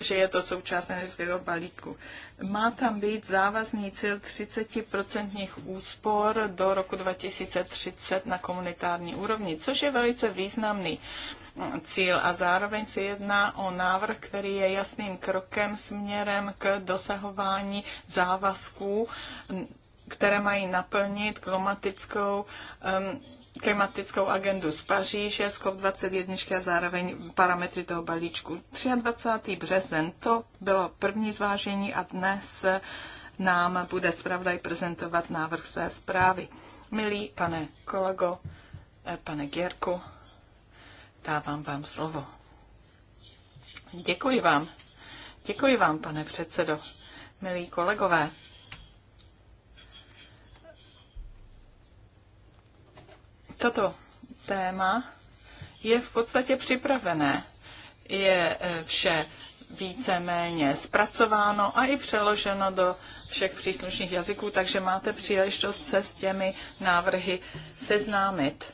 že je to součást energetického balíku. Má tam být závazný cíl 30% úspor do roku 2030 na komunitární úrovni, což je velice významný mm, cíl a zároveň se jedná o návrh, který je jasným krokem směrem k dosahování závazků, mm, které mají naplnit klimatickou um, klimatickou agendu z Paříže, COP21 a zároveň parametry toho balíčku. 23. březen, to bylo první zvážení a dnes nám bude zpravodaj prezentovat návrh své zprávy. Milý pane kolego, eh, pane Gěrku, dávám vám slovo. Děkuji vám. Děkuji vám, pane předsedo. Milí kolegové, toto téma je v podstatě připravené. Je eh, vše víceméně zpracováno a i přeloženo do všech příslušných jazyků, takže máte příležitost se s těmi návrhy seznámit.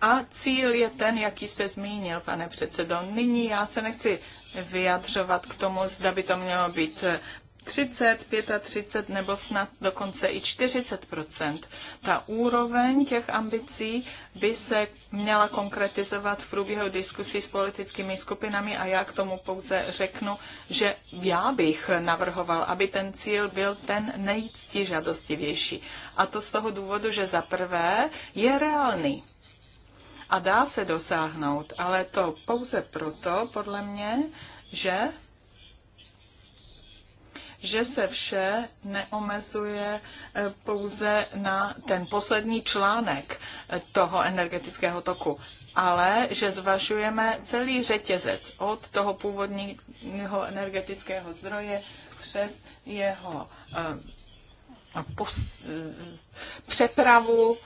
A cíl je ten, jaký jste zmínil, pane předsedo. Nyní já se nechci vyjadřovat k tomu, zda by to mělo být eh, 30, 35 nebo snad dokonce i 40 Ta úroveň těch ambicí by se měla konkretizovat v průběhu diskusí s politickými skupinami a já k tomu pouze řeknu, že já bych navrhoval, aby ten cíl byl ten nejctižadostivější. A to z toho důvodu, že za prvé je reálný a dá se dosáhnout, ale to pouze proto, podle mě, že že se vše neomezuje eh, pouze na ten poslední článek eh, toho energetického toku, ale že zvažujeme celý řetězec od toho původního energetického zdroje přes jeho eh, přepravu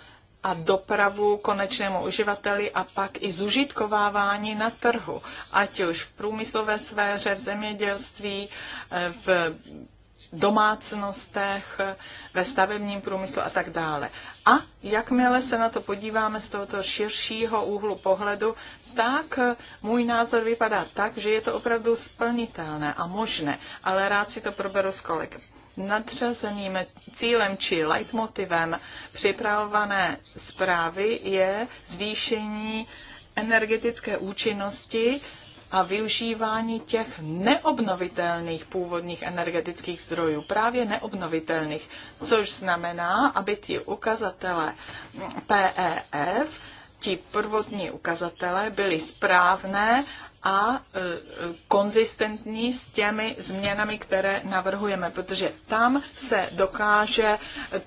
a dopravu konečnému uživateli a pak i zužitkovávání na trhu, ať už v průmyslové sféře, v zemědělství, eh, v domácnostech, ve stavebním průmyslu a tak dále. A jakmile se na to podíváme z tohoto širšího úhlu pohledu, tak eh, můj názor vypadá tak, že je to opravdu splnitelné a možné, ale rád si to proberu s kolegy. Nadřazeným cílem či leitmotivem připravované zprávy je zvýšení energetické účinnosti a využívání těch neobnovitelných původních energetických zdrojů, právě neobnovitelných, což znamená, aby ti ukazatele PEF, ti prvotní ukazatele byly správné a e, konzistentní s těmi změnami, které navrhujeme, protože tam se dokáže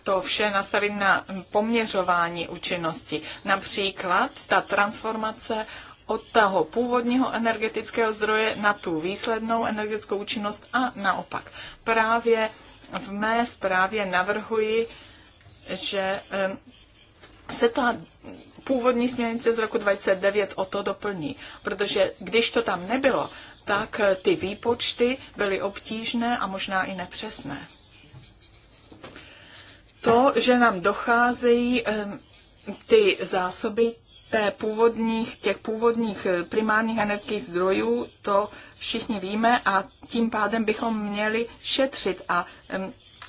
to vše nastavit na poměřování účinnosti. Například ta transformace od toho původního energetického zdroje na tu výslednou energetickou účinnost a naopak. Právě v mé zprávě navrhuji, že e, se ta původní směrnice z roku 2009 o to doplní, protože když to tam nebylo, tak ty výpočty byly obtížné a možná i nepřesné. To, že nám docházejí ty zásoby té původních, těch původních eh, primárních energetických zdrojů, to všichni víme a tím pádem bychom měli šetřit a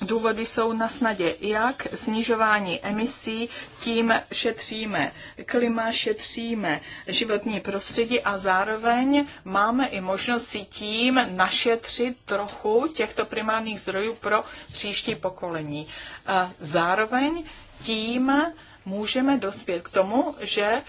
důvody jsou na snadě. Jak snižování emisí, tím šetříme klima, šetříme životní prostředí a zároveň máme i možnost si tím našetřit trochu těchto primárních zdrojů pro příští pokolení. Zároveň tím můžeme dospět k tomu, že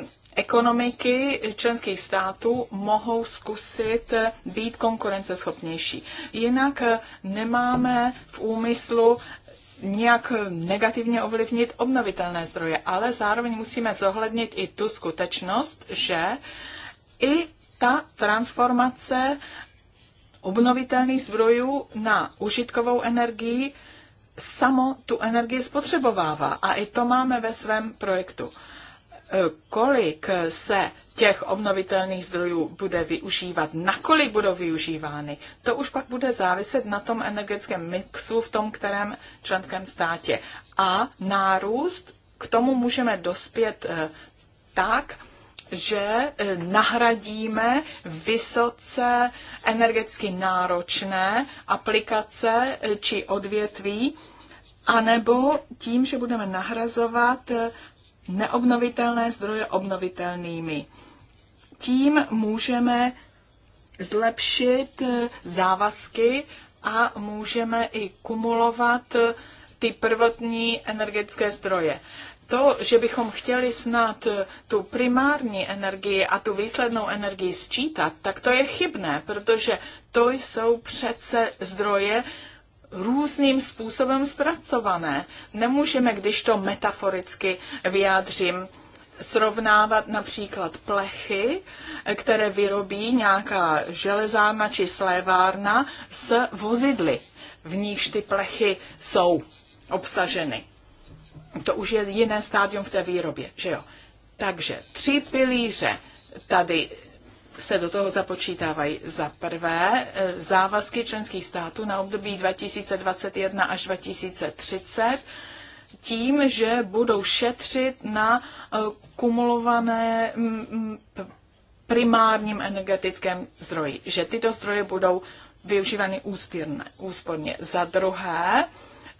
um, ekonomiky členských států mohou zkusit být konkurenceschopnější. Jinak nemáme v úmyslu nějak negativně ovlivnit obnovitelné zdroje, ale zároveň musíme zohlednit i tu skutečnost, že i ta transformace obnovitelných zdrojů na užitkovou energii samo tu energii spotřebovává. A i to máme ve svém projektu kolik se těch obnovitelných zdrojů bude využívat, nakolik budou využívány, to už pak bude záviset na tom energetickém mixu v tom kterém členském státě. A nárůst k tomu můžeme dospět eh, tak, že eh, nahradíme vysoce energeticky náročné aplikace eh, či odvětví, anebo tím, že budeme nahrazovat neobnovitelné zdroje obnovitelnými. Tím můžeme zlepšit eh, závazky a můžeme i kumulovat eh, ty prvotní energetické zdroje. To, že bychom chtěli snad eh, tu primární energii a tu výslednou energii sčítat, tak to je chybné, protože to jsou přece zdroje, různým způsobem zpracované. Nemůžeme, když to metaforicky vyjádřím, srovnávat například plechy, které vyrobí nějaká železárna či slévárna s vozidly, v níž ty plechy jsou obsaženy. To už je jiné stádium v té výrobě, že jo? Takže tři pilíře tady se do toho započítávají za prvé e, závazky členských států na období 2021 až 2030 tím, že budou šetřit na e, kumulované primárním energetickém zdroji, že tyto zdroje budou využívány úspěrně, úsporně. Za druhé,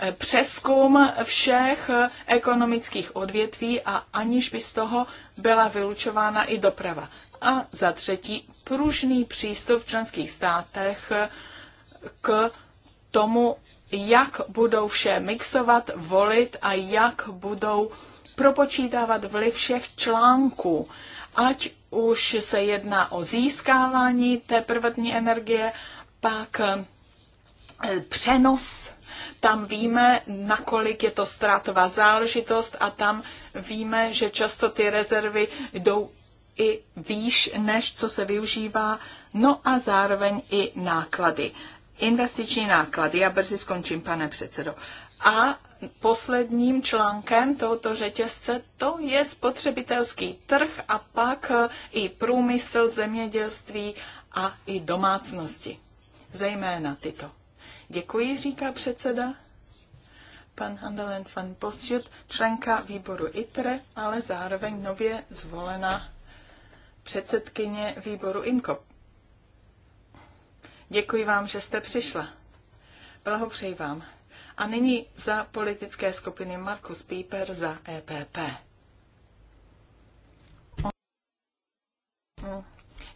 e, přeskum všech ekonomických odvětví a aniž by z toho byla vylučována i doprava. A za třetí, pružný přístup v členských státech k tomu, jak budou vše mixovat, volit a jak budou propočítávat vliv všech článků, ať už se jedná o získávání té prvotní energie, pak eh, přenos. Tam víme, nakolik je to ztrátová záležitost a tam víme, že často ty rezervy jdou i výš, než co se využívá, no a zároveň i náklady. Investiční náklady, já brzy skončím, pane předsedo. A posledním článkem tohoto řetězce to je spotřebitelský trh a pak eh, i průmysl, zemědělství a i domácnosti. Zejména tyto. Děkuji, říká předseda pan Handelen van Bosjut, členka výboru ITRE, ale zároveň nově zvolená předsedkyně výboru INKOP. Děkuji vám, že jste přišla. Blahopřeji vám. A nyní za politické skupiny Markus Pieper za EPP.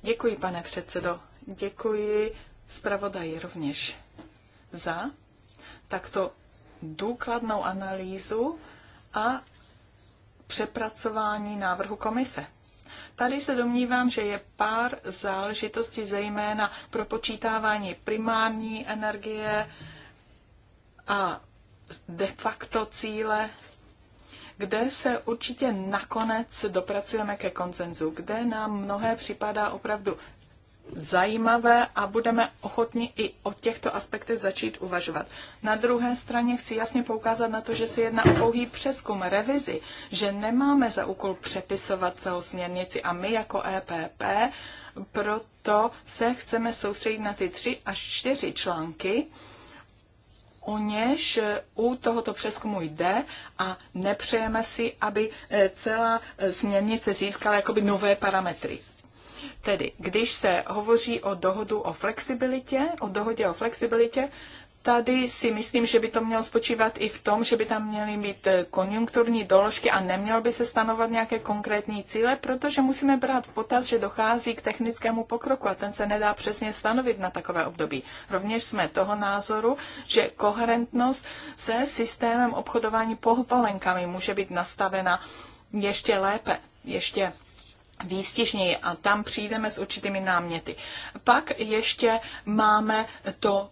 Děkuji, pane předsedo. Děkuji zpravodaji rovněž za takto důkladnou analýzu a přepracování návrhu komise. Tady se domnívám, že je pár záležitostí, zejména pro počítávání primární energie a de facto cíle kde se určitě nakonec dopracujeme ke koncenzu, kde nám mnohé připadá opravdu zajímavé a budeme ochotni i o těchto aspektech začít uvažovat. Na druhé straně chci jasně poukázat na to, že se jedná o pouhý přeskum, revizi, že nemáme za úkol přepisovat celou směrnici a my jako EPP proto se chceme soustředit na ty tři až čtyři články, o něž eh, u tohoto přeskumu jde a nepřejeme si, aby eh, celá eh, směrnice získala jakoby nové parametry. Tedy, když se hovoří o dohodu o flexibilitě, o dohodě o flexibilitě, tady si myslím, že by to mělo spočívat i v tom, že by tam měly být eh, konjunkturní doložky a nemělo by se stanovat nějaké konkrétní cíle, protože musíme brát v potaz, že dochází k technickému pokroku a ten se nedá přesně stanovit na takové období. Rovněž jsme toho názoru, že koherentnost se systémem obchodování pohopolenkami může být nastavena ještě lépe, ještě výstěžněji a tam přijdeme s určitými náměty. Pak ještě máme to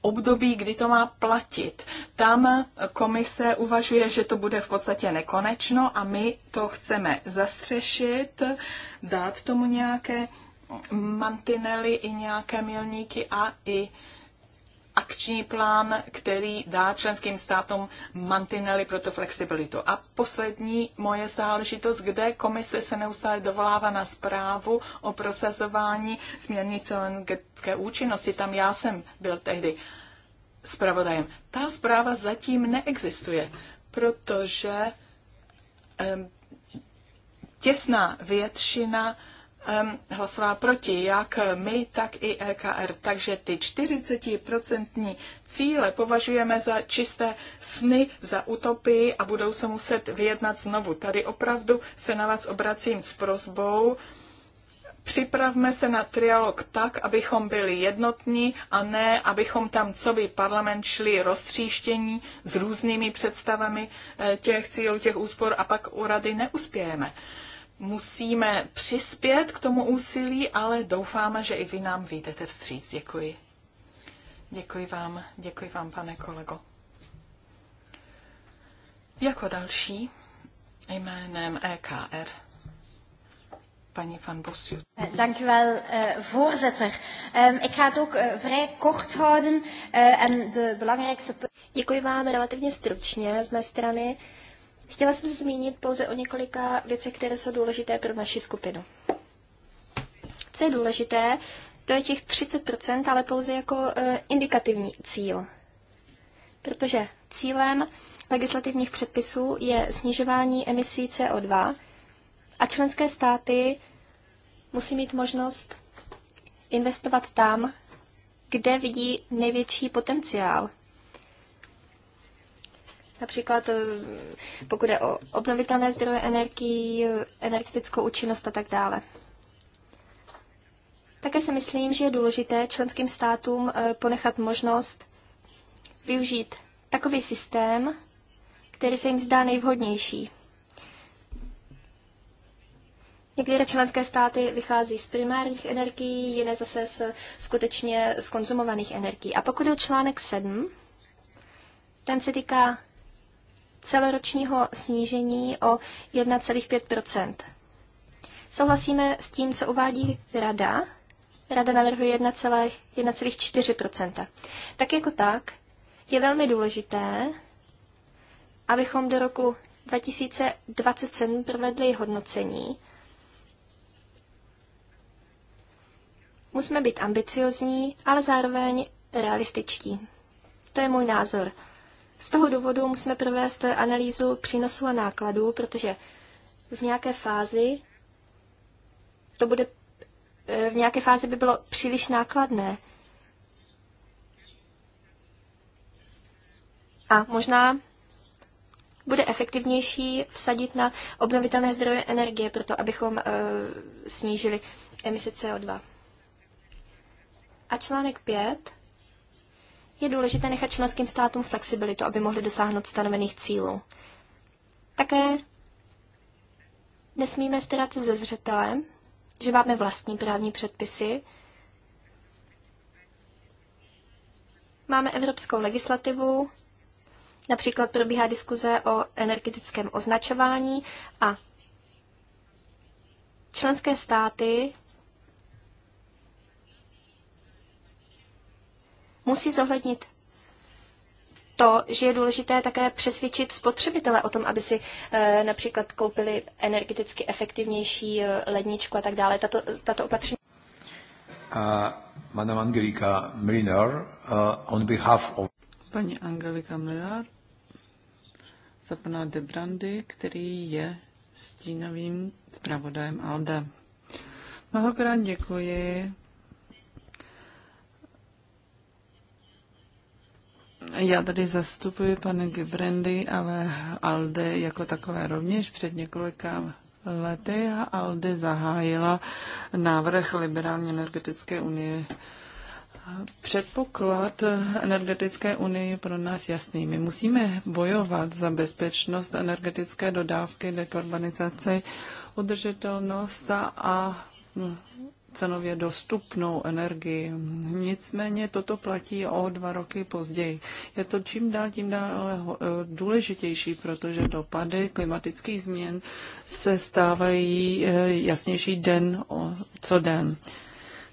období, kdy to má platit. Tam komise uvažuje, že to bude v podstatě nekonečno a my to chceme zastřešit, dát tomu nějaké mantinely i nějaké milníky a i akční plán, který dá členským státům mantinely pro tu flexibilitu. A poslední moje záležitost, kde komise se neustále dovolává na zprávu o prosazování směrnice o energetické účinnosti. Tam já jsem byl tehdy zpravodajem. Ta zpráva zatím neexistuje, protože těsná většina hlasovala proti, jak my, tak i EKR. Takže ty 40% cíle považujeme za čisté sny, za utopii a budou se muset vyjednat znovu. Tady opravdu se na vás obracím s prozbou. Připravme se na trialog tak, abychom byli jednotní a ne, abychom tam, co by parlament šli roztříštění s různými představami eh, těch cílů, těch úspor a pak u rady neuspějeme musíme přispět k tomu úsilí, ale doufáme, že i vy nám vyjdete vstříc. Děkuji. Děkuji vám, děkuji vám, pane kolego. Jako další jménem EKR paní van Bossut. Eh, Dank u wel, uh, eh, voorzitter. Um, ik ga het ook uh, vrij kort houden uh, en de belangrijkste... Děkuji vám relativně stručně z mé strany. Chtěla jsem se zmínit pouze o několika věcech, které jsou důležité pro naši skupinu. Co je důležité, to je těch 30%, ale pouze jako e, indikativní cíl. Protože cílem legislativních předpisů je snižování emisí CO2 a členské státy musí mít možnost investovat tam, kde vidí největší potenciál Například eh, pokud je o obnovitelné zdroje energii, energetickou účinnost a tak dále. Také si myslím, že je důležité členským státům eh, ponechat možnost využít takový systém, který se jim zdá nejvhodnější. Některé členské státy vychází z primárních energií, jiné zase z skutečně konzumovaných energií. A pokud je o článek 7, ten se týká celoročního snížení o 1,5 Souhlasíme s tím, co uvádí Rada. Rada navrhuje 1,4 Tak jako tak je velmi důležité, abychom do roku 2027 provedli hodnocení. Musíme být ambiciozní, ale zároveň realističtí. To je můj názor. Z toho důvodu musíme provést analýzu přínosu a nákladů, protože v nějaké fázi to bude eh, v nějaké fázi by bylo příliš nákladné. A možná bude efektivnější vsadit na obnovitelné zdroje energie, proto abychom e, snížili emise CO2. A článek 5 je důležité nechat členským státům flexibilitu, aby mohli dosáhnout stanovených cílů. Také nesmíme ztrát ze zřetele, že máme vlastní právní předpisy, máme evropskou legislativu, například probíhá diskuze o energetickém označování a členské státy musí zohlednit to, že je důležité také přesvědčit spotřebitele o tom, aby si e, například koupili energeticky efektivnější eh, ledničku a tak dále. Tato, tato opatření. Uh, Madame Angelika Mlinar, uh, eh, on behalf of... Paní Angelika Mlinar, za pana Debrandy, který je stínovým zpravodajem ALDE. Mnohokrát děkuji, Já tady zastupuji pane Gibrandy, ale Alde jako takové rovněž před několika lety a Alde zahájila návrh liberální energetické unie. Předpoklad energetické unie je pro nás jasný. My musíme bojovat za bezpečnost energetické dodávky, dekarbonizaci, udržitelnost a cenově dostupnou energii. Nicméně toto platí o dva roky později. Je to čím dál tím dál eh, eh, důležitější, protože dopady klimatických změn se stávají eh, jasnější den co den.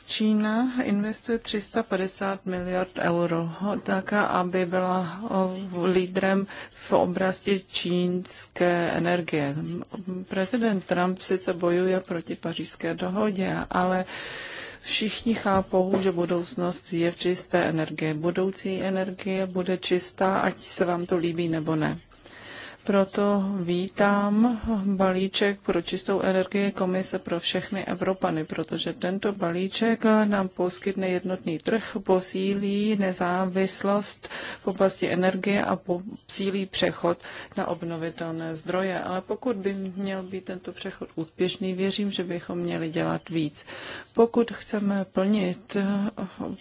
Čína investuje 350 miliard euro, tak aby byla lídrem v oblasti čínské energie. Prezident Trump sice bojuje proti pařížské dohodě, ale všichni chápou, že budoucnost je v čisté energie. Budoucí energie bude čistá, ať se vám to líbí nebo ne. Proto vítám balíček pro čistou energii Komise pro všechny Evropany, protože tento balíček nám poskytne jednotný trh, posílí nezávislost v oblasti energie a posílí přechod na obnovitelné zdroje. Ale pokud by měl být tento přechod úspěšný, věřím, že bychom měli dělat víc. Pokud chceme plnit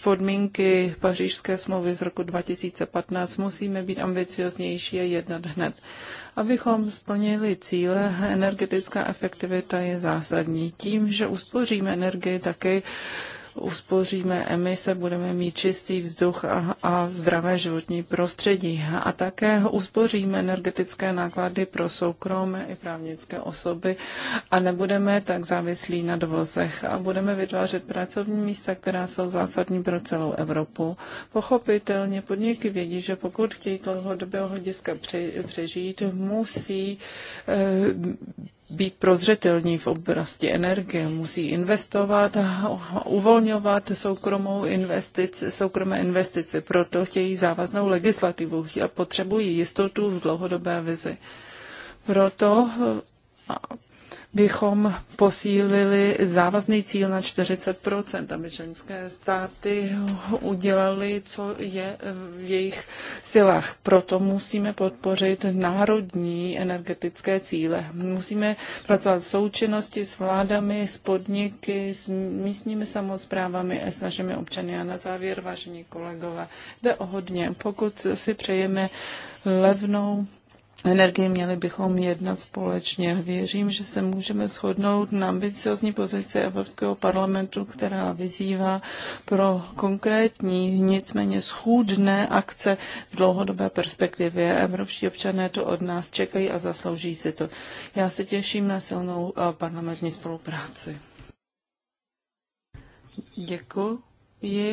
podmínky pařížské smlouvy z roku 2015, musíme být ambicioznější a jednat hned. Abychom splnili cíle, energetická efektivita je zásadní. Tím, že uspoříme energii, taky uspoříme emise, budeme mít čistý vzduch a, a zdravé životní prostředí. A také uspoříme energetické náklady pro soukromé i právnické osoby a nebudeme tak závislí na dovozech. A budeme vytvářet pracovní místa, která jsou zásadní pro celou Evropu. Pochopitelně podniky vědí, že pokud chtějí dlouhodobého hlediska přežít, musí e, být prozřetelní v oblasti energie, musí investovat a uvolňovat soukromou investici, soukromé investice. Proto chtějí závaznou legislativu a potřebují jistotu v dlouhodobé vizi. Proto bychom posílili závazný cíl na 40 aby členské státy udělali, co je v jejich silách. Proto musíme podpořit národní energetické cíle. Musíme pracovat v součinnosti s vládami, s podniky, s místními samozprávami a s našimi občany. A na závěr, vážení kolegové, jde o hodně. Pokud si přejeme levnou energii, měli bychom jednat společně. Věřím, že se můžeme shodnout na ambiciozní pozici Evropského parlamentu, která vyzývá pro konkrétní, nicméně schůdné akce v dlouhodobé perspektivě. Evropští občané to od nás čekají a zaslouží si to. Já se těším na silnou eh, parlamentní spolupráci. Děkuji,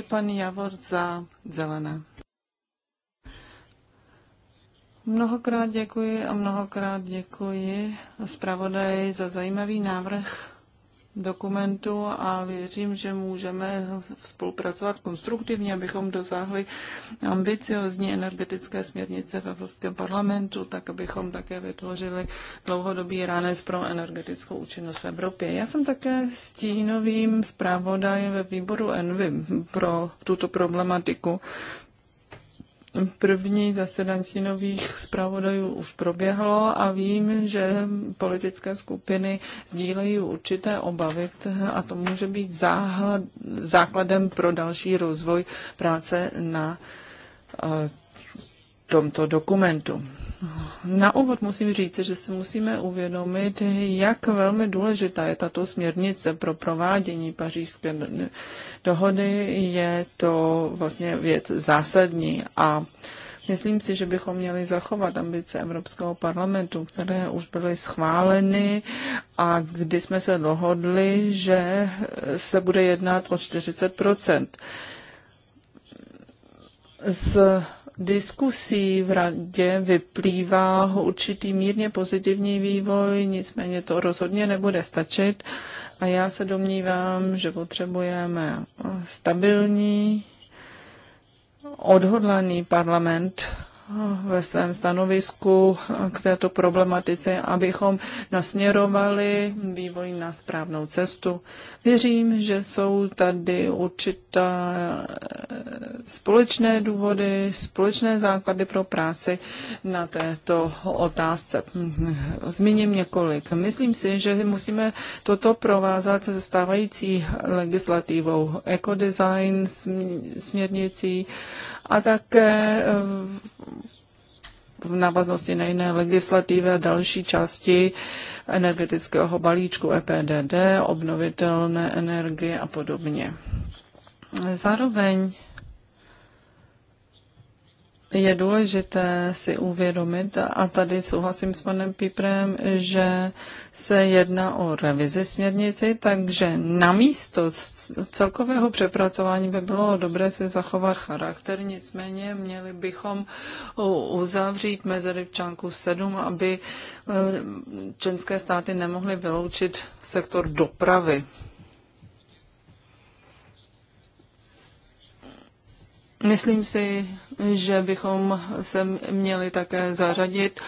pan Javor, za zelené. Mnohokrát děkuji a mnohokrát děkuji zpravodaji za zajímavý návrh dokumentu a věřím, že můžeme spolupracovat konstruktivně, abychom dosáhli ambiciozní energetické směrnice v Evropském parlamentu, tak abychom také vytvořili dlouhodobý ránec pro energetickou účinnost v Evropě. Já jsem také stínovým zpravodajem ve výboru ENVI pro tuto problematiku. První zasedání nových zpravodajů už proběhlo a vím, že politické skupiny sdílejí určité obavy a to může být záhlad, základem pro další rozvoj práce na eh, tomto dokumentu. Na úvod musím říct, že si musíme uvědomit, jak velmi důležitá je tato směrnice pro provádění pařížské dohody. Je to vlastně věc zásadní a Myslím si, že bychom měli zachovat ambice Evropského parlamentu, které už byly schváleny a kdy jsme se dohodli, že se bude jednat o 40 z diskusí v radě vyplývá určitý mírně pozitivní vývoj, nicméně to rozhodně nebude stačit a já se domnívám, že potřebujeme stabilní, odhodlaný parlament, ve svém stanovisku k této problematice, abychom nasměrovali vývoj na správnou cestu. Věřím, že jsou tady určitá eh, společné důvody, společné základy pro práci na této otázce. Zmíním několik. Myslím si, že musíme toto provázat se stávající legislativou ekodesign, směrnicí a také eh, v návaznosti na jiné legislativy a další části energetického balíčku EPDD, obnovitelné energie a podobně. Zároveň je důležité si uvědomit, a tady souhlasím s panem Piprem, že se jedná o revizi směrnici, takže na místo celkového přepracování by bylo dobré si zachovat charakter, nicméně měli bychom uzavřít mezery v článku 7, aby eh, členské státy nemohly vyloučit sektor dopravy Myslím si, že bychom se měli také zařadit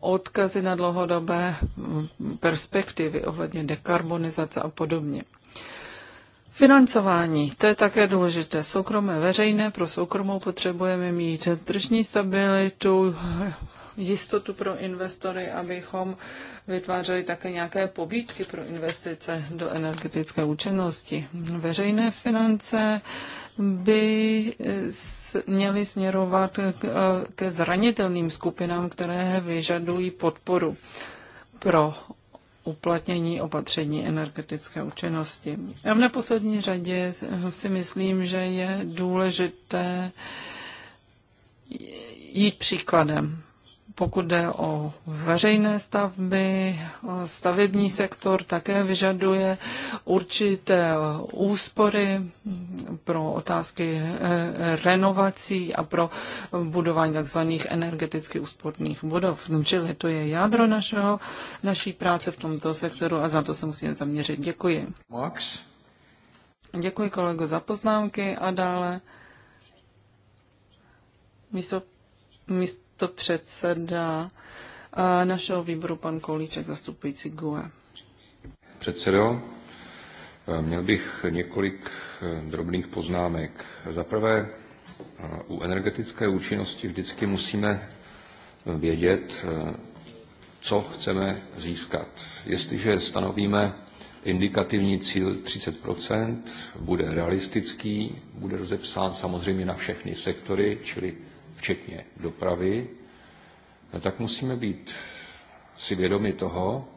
odkazy na dlouhodobé perspektivy ohledně dekarbonizace a podobně. Financování, to je také důležité. Soukromé veřejné, pro soukromou potřebujeme mít tržní stabilitu, jistotu pro investory, abychom vytvářeli také nějaké pobídky pro investice do energetické účinnosti. Veřejné finance, by eh, měly směrovat eh, ke zranitelným skupinám, které vyžadují podporu pro uplatnění opatření energetické účinnosti. A v neposlední řadě si myslím, že je důležité jít příkladem. Pokud jde o veřejné stavby, stavební sektor také vyžaduje určité úspory pro otázky eh, renovací a pro budování tzv. energeticky úsporných budov. Čili to je jádro našeho, naší práce v tomto sektoru a za to se musíme zaměřit. Děkuji. Max. Děkuji kolego za poznámky a dále místo, místo to předseda eh, našeho výboru pan Kolíček, zastupující GUE. Předsedo, eh, měl bych několik eh, drobných poznámek. Za prvé, u energetické účinnosti vždycky musíme vědět, co chceme získat. Jestliže stanovíme indikativní cíl 30 bude realistický, bude rozepsán samozřejmě na všechny sektory, čili včetně dopravy, no tak musíme být si vědomi toho,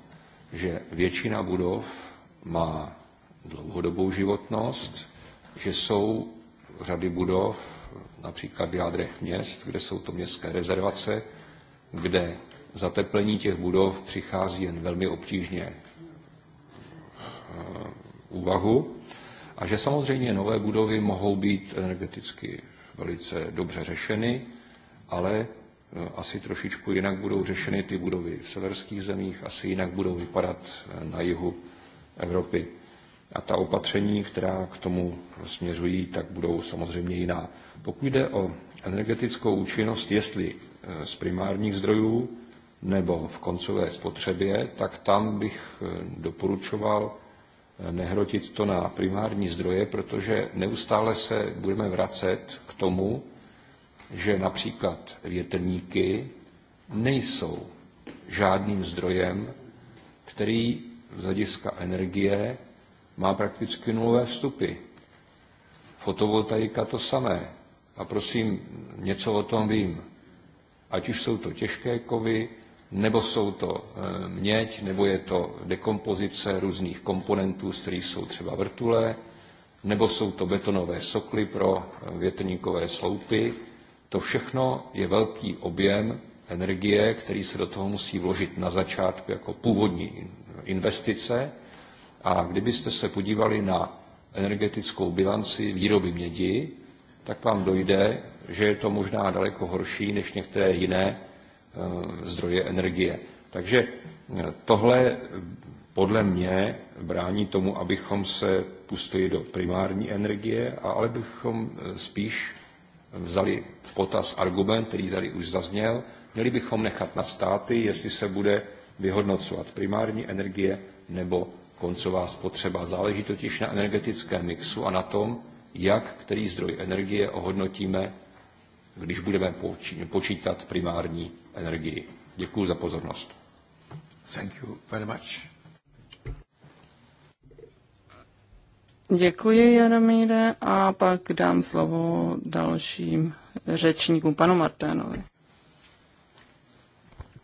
že většina budov má dlouhodobou životnost, že jsou řady budov, například v jádrech měst, kde jsou to městské rezervace, kde zateplení těch budov přichází jen velmi obtížně eh, úvahu a že samozřejmě nové budovy mohou být energeticky velice dobře řešeny, ale e, asi trošičku jinak budou řešeny ty budovy v severských zemích, asi jinak budou vypadat e, na jihu Evropy. A ta opatření, která k tomu směřují, tak budou samozřejmě jiná. Pokud jde o energetickou účinnost, jestli e, z primárních zdrojů nebo v koncové spotřebě, tak tam bych doporučoval nehrotit to na primární zdroje, protože neustále se budeme vracet k tomu, že například větrníky nejsou žádným zdrojem, který z hlediska energie má prakticky nulové vstupy. Fotovoltaika to samé. A prosím, něco o tom vím. Ať už jsou to těžké kovy, nebo jsou to eh, měď, nebo je to dekompozice různých komponentů, z kterých jsou třeba vrtule, nebo jsou to betonové sokly pro eh, větrníkové sloupy. To všechno je velký objem energie, který se do toho musí vložit na začátku jako původní investice. A kdybyste se podívali na energetickou bilanci výroby mědi, tak vám dojde, že je to možná daleko horší než některé jiné Eh, zdroje energie. Takže eh, tohle eh, podle mě brání tomu, abychom se pustili do primární energie, a ale bychom spíš vzali v potaz argument, který tady už zazněl, měli bychom nechat na státy, jestli se bude vyhodnocovat primární energie nebo koncová spotřeba. Záleží totiž na energetickém mixu a na tom, jak který zdroj energie ohodnotíme když budeme počítat primární energii. Děkuji za pozornost. Thank you very much. Děkuji, Jaromíre, a pak dám slovo dalším řečníkům, panu Marténovi.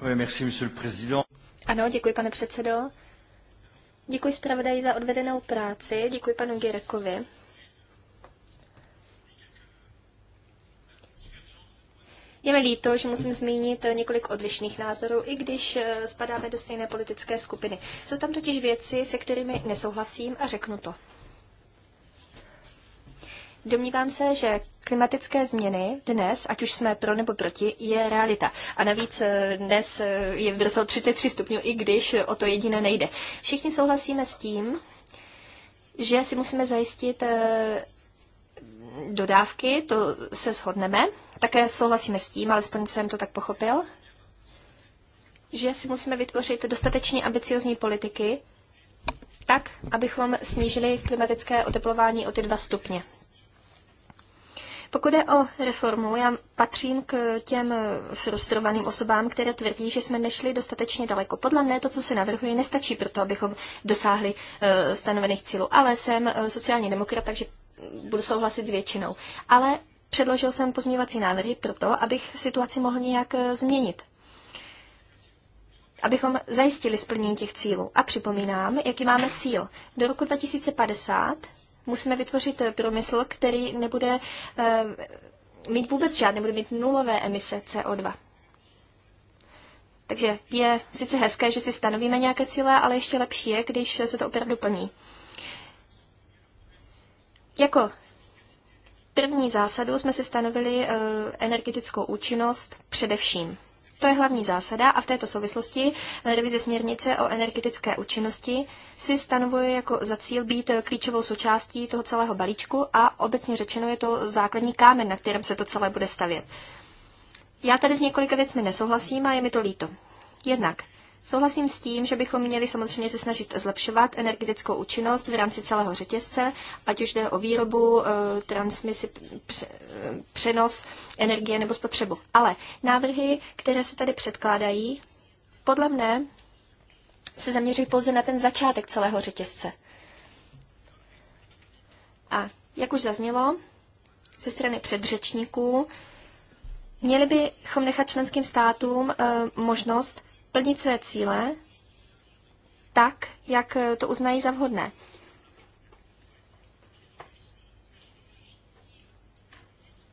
Oui, merci, monsieur le président. Ano, děkuji, pane předsedo. Děkuji zpravodaji za odvedenou práci, děkuji panu Gerekovi. Je mi líto, že musím zmínit několik odlišných názorů, i když eh, spadáme do stejné politické skupiny. Jsou tam totiž věci, se kterými nesouhlasím a řeknu to. Domnívám se, že klimatické změny dnes, ať už jsme pro nebo proti, je realita. A navíc eh, dnes eh, je vrzel 33 stupňů, i když o to jediné nejde. Všichni souhlasíme s tím, že si musíme zajistit dodávky, to se shodneme. Také souhlasíme s tím, alespoň jsem to tak pochopil, že si musíme vytvořit dostatečně ambiciozní politiky, tak, abychom snížili klimatické oteplování o ty dva stupně. Pokud je o reformu, já patřím k těm frustrovaným osobám, které tvrdí, že jsme nešli dostatečně daleko. Podle mne to, co se navrhuje, nestačí pro to, abychom dosáhli eh, stanovených cílů. Ale jsem eh, sociální demokrat, takže budu souhlasit s většinou. Ale předložil jsem pozměňovací návrhy proto, abych situaci mohl nějak eh, změnit. Abychom zajistili splnění těch cílů. A připomínám, jaký máme cíl. Do roku 2050 musíme vytvořit eh, průmysl, který nebude e, mít vůbec žádné, nebude mít nulové emise CO2. Takže je sice hezké, že si stanovíme nějaké cíle, ale ještě lepší je, když se to opravdu plní. Jako první zásadu jsme si stanovili eh, energetickou účinnost především. To je hlavní zásada a v této souvislosti eh, revize směrnice o energetické účinnosti si stanovuje jako za cíl být eh, klíčovou součástí toho celého balíčku a obecně řečeno je to základní kámen, na kterém se to celé bude stavět. Já tady s několika věcmi nesouhlasím a je mi to líto. Jednak Souhlasím s tím, že bychom měli samozřejmě se snažit zlepšovat energetickou účinnost v rámci celého řetězce, ať už jde o výrobu, eh, transmisi, eh, přenos energie nebo spotřebu. Ale návrhy, které se tady předkládají, podle mne se zaměří pouze na ten začátek celého řetězce. A jak už zaznělo ze strany předřečníků, měli bychom nechat členským státům eh, možnost plnit své cíle tak, jak to uznají za vhodné.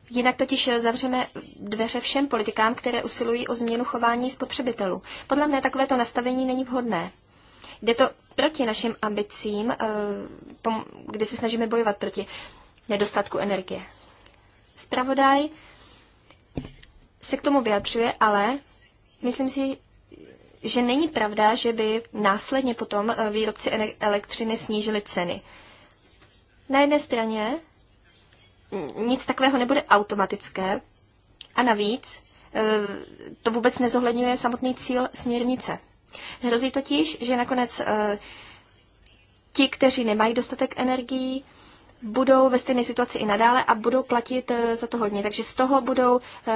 Jinak totiž zavřeme dveře všem politikám, které usilují o změnu chování spotřebitelů. Podle mne takovéto nastavení není vhodné. Jde to proti našim ambicím, eh, kdy se snažíme bojovat proti nedostatku energie. Spravodaj se k tomu vyjadřuje, ale myslím si, že není pravda, že by následně potom eh, výrobci elektřiny snížili ceny. Na jedné straně nic takového nebude automatické a navíc eh, to vůbec nezohledňuje samotný cíl směrnice. Hrozí totiž, že nakonec eh, ti, kteří nemají dostatek energií, budou ve stejné situaci i nadále a budou platit eh, za to hodně. Takže z toho budou eh,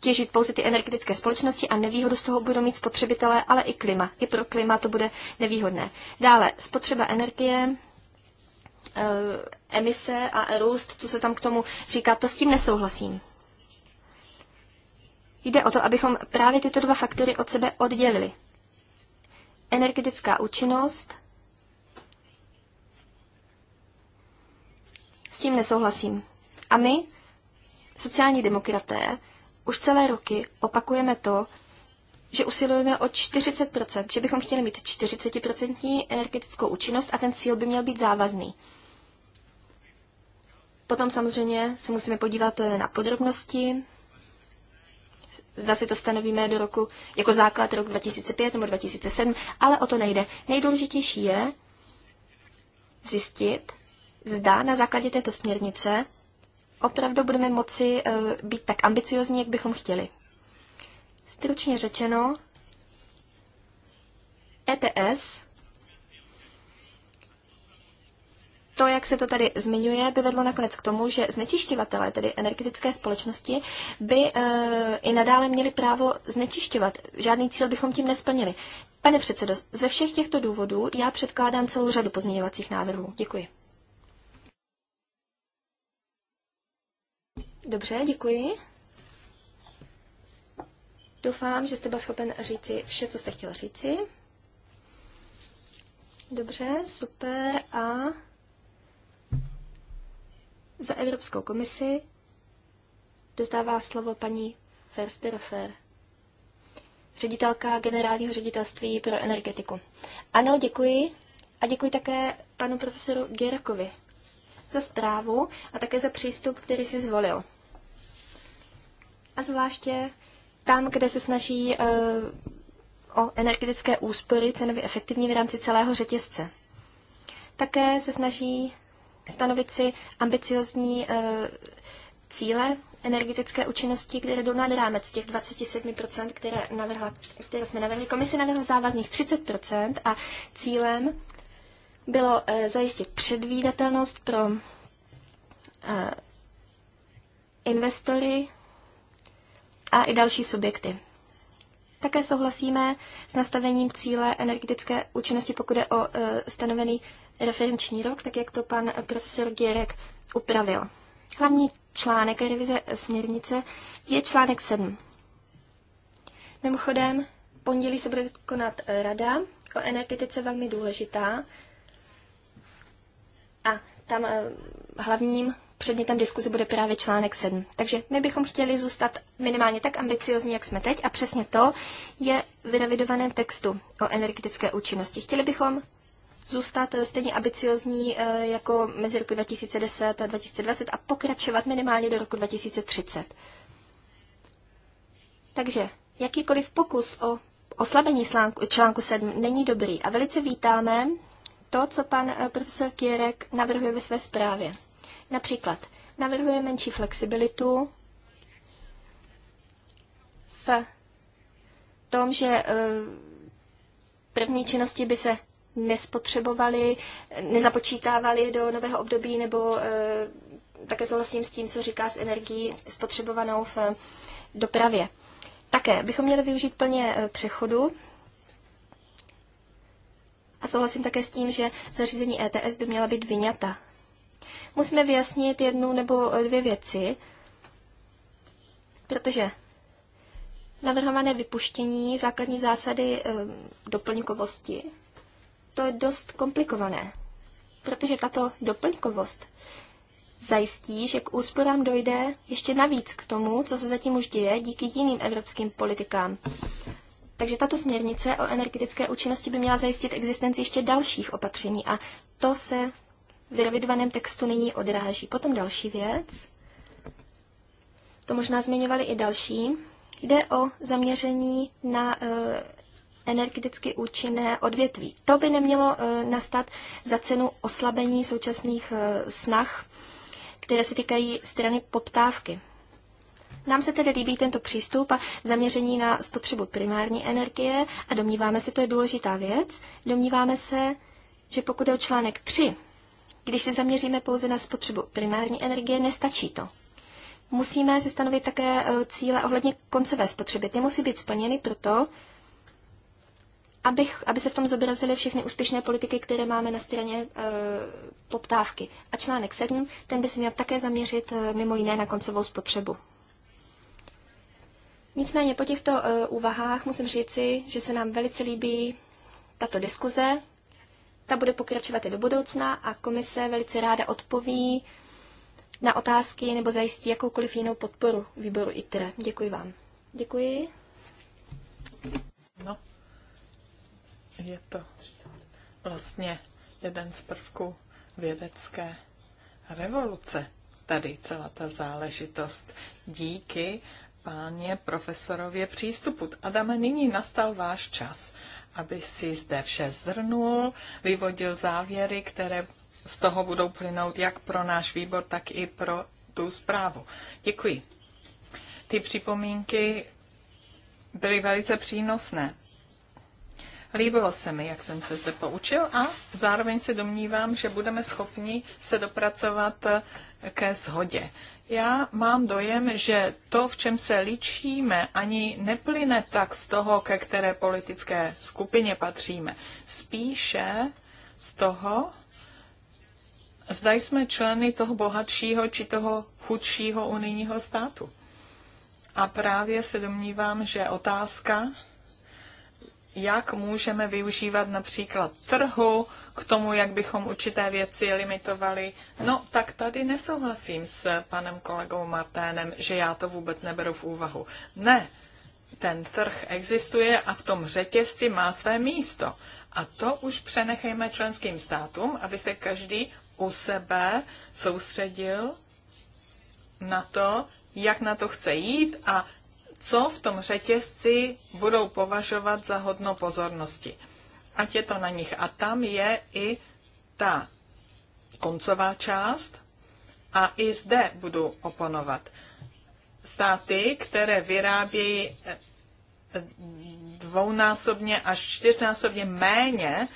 těžit pouze ty energetické společnosti a nevýhodu z toho budou mít spotřebitelé, ale i klima. I pro klima to bude nevýhodné. Dále, spotřeba energie, eh, emise a růst, co se tam k tomu říká, to s tím nesouhlasím. Jde o to, abychom právě tyto dva faktory od sebe oddělili. Energetická účinnost S tím nesouhlasím. A my, sociální demokraté, už celé roky opakujeme to, že usilujeme o 40%, že bychom chtěli mít 40% energetickou účinnost a ten cíl by měl být závazný. Potom samozřejmě se musíme podívat eh, na podrobnosti, zda si to stanovíme do roku, jako základ rok 2005 nebo 2007, ale o to nejde. Nejdůležitější je zjistit, zda na základě této směrnice opravdu budeme moci eh, být tak ambiciozní, jak bychom chtěli. Stručně řečeno, ETS, to, jak se to tady zmiňuje, by vedlo nakonec k tomu, že znečišťovatelé, tedy energetické společnosti, by e, i nadále měli právo znečišťovat. Žádný cíl bychom tím nesplnili. Pane předsedo, ze všech těchto důvodů já předkládám celou řadu pozměňovacích návrhů. Děkuji. Dobře, děkuji. Doufám, že jste byl schopen říci vše, co jste chtěl říci. Dobře, super. A za Evropskou komisi dostává slovo paní Versterfer, ředitelka generálního ředitelství pro energetiku. Ano, děkuji. A děkuji také panu profesoru Gierkovi za zprávu a také za přístup, který si zvolil. A zvláště tam, kde se snaží uh, o energetické úspory cenově efektivní v rámci celého řetězce. Také se snaží stanovit si ambiciozní uh, cíle energetické účinnosti, které jdou nad rámec těch 27%, které, navrhla, které jsme navrhli. Komise navrhla závazných 30% a cílem bylo uh, zajistit předvídatelnost pro uh, investory a i další subjekty. Také souhlasíme s nastavením cíle energetické účinnosti, pokud je o e, stanovený referenční rok, tak jak to pan profesor Gierek upravil. Hlavní článek revize směrnice je článek 7. Mimochodem, pondělí se bude konat rada o energetice velmi důležitá. A tam e, hlavním předmětem diskuzi bude právě článek 7. Takže my bychom chtěli zůstat minimálně tak ambiciozní, jak jsme teď, a přesně to je v revidovaném textu o energetické účinnosti. Chtěli bychom zůstat stejně ambiciozní eh, jako mezi roku 2010 a 2020 a pokračovat minimálně do roku 2030. Takže jakýkoliv pokus o oslabení slánku, článku 7 není dobrý a velice vítáme to, co pan eh, profesor Kierek navrhuje ve své zprávě. Například navrhuje menší flexibilitu v tom, že eh, první činnosti by se nespotřebovaly, nezapočítávaly do nového období, nebo eh, také souhlasím s tím, co říká s energií spotřebovanou v dopravě. Také bychom měli využít plně eh, přechodu. A souhlasím také s tím, že zařízení ETS by měla být vyňata Musíme vyjasnit jednu nebo dvě věci, protože navrhované vypuštění základní zásady ehm, doplňkovosti, to je dost komplikované, protože tato doplňkovost zajistí, že k úsporám dojde ještě navíc k tomu, co se zatím už děje díky jiným evropským politikám. Takže tato směrnice o energetické účinnosti by měla zajistit existenci ještě dalších opatření a to se v revidovaném textu nyní odráží. Potom další věc, to možná zmiňovali i další, jde o zaměření na e, energeticky účinné odvětví. To by nemělo e, nastat za cenu oslabení současných e, snah, které se týkají strany poptávky. Nám se tedy líbí tento přístup a zaměření na spotřebu primární energie a domníváme se, to je důležitá věc. Domníváme se, že pokud je o článek 3 když se zaměříme pouze na spotřebu primární energie, nestačí to. Musíme si stanovit také eh, cíle ohledně koncové spotřeby. Ty musí být splněny proto, abych, aby se v tom zobrazily všechny úspěšné politiky, které máme na straně e, poptávky. A článek 7, ten by se měl také zaměřit e, mimo jiné na koncovou spotřebu. Nicméně po těchto e, úvahách musím říci, že se nám velice líbí tato diskuze. Ta bude pokračovat i do budoucna a komise velice ráda odpoví na otázky nebo zajistí jakoukoliv jinou podporu výboru ITRE. Děkuji vám. Děkuji. No, je to vlastně jeden z prvků vědecké revoluce. Tady celá ta záležitost. Díky páně profesorově přístupu. Adame, nyní nastal váš čas aby si zde vše zhrnul, vyvodil závěry, které z toho budou plynout jak pro náš výbor, tak i pro tu zprávu. Děkuji. Ty připomínky byly velice přínosné. Líbilo se mi, jak jsem se zde poučil a zároveň se domnívám, že budeme schopni se dopracovat eh, ke shodě. Já mám dojem, že to, v čem se ličíme, ani neplyne tak z toho, ke které politické skupině patříme. Spíše z toho, zda jsme členy toho bohatšího či toho chudšího unijního státu. A právě se domnívám, že otázka, jak můžeme využívat například trhu k tomu, jak bychom určité věci limitovali. No, tak tady nesouhlasím s panem kolegou Marténem, že já to vůbec neberu v úvahu. Ne, ten trh existuje a v tom řetězci má své místo. A to už přenechejme členským státům, aby se každý u sebe soustředil na to, jak na to chce jít a co v tom řetězci budou považovat za hodno pozornosti. Ať je to na nich. A tam je i ta koncová část a i zde budu oponovat. Státy, které vyrábějí eh, dvounásobně až čtyřnásobně méně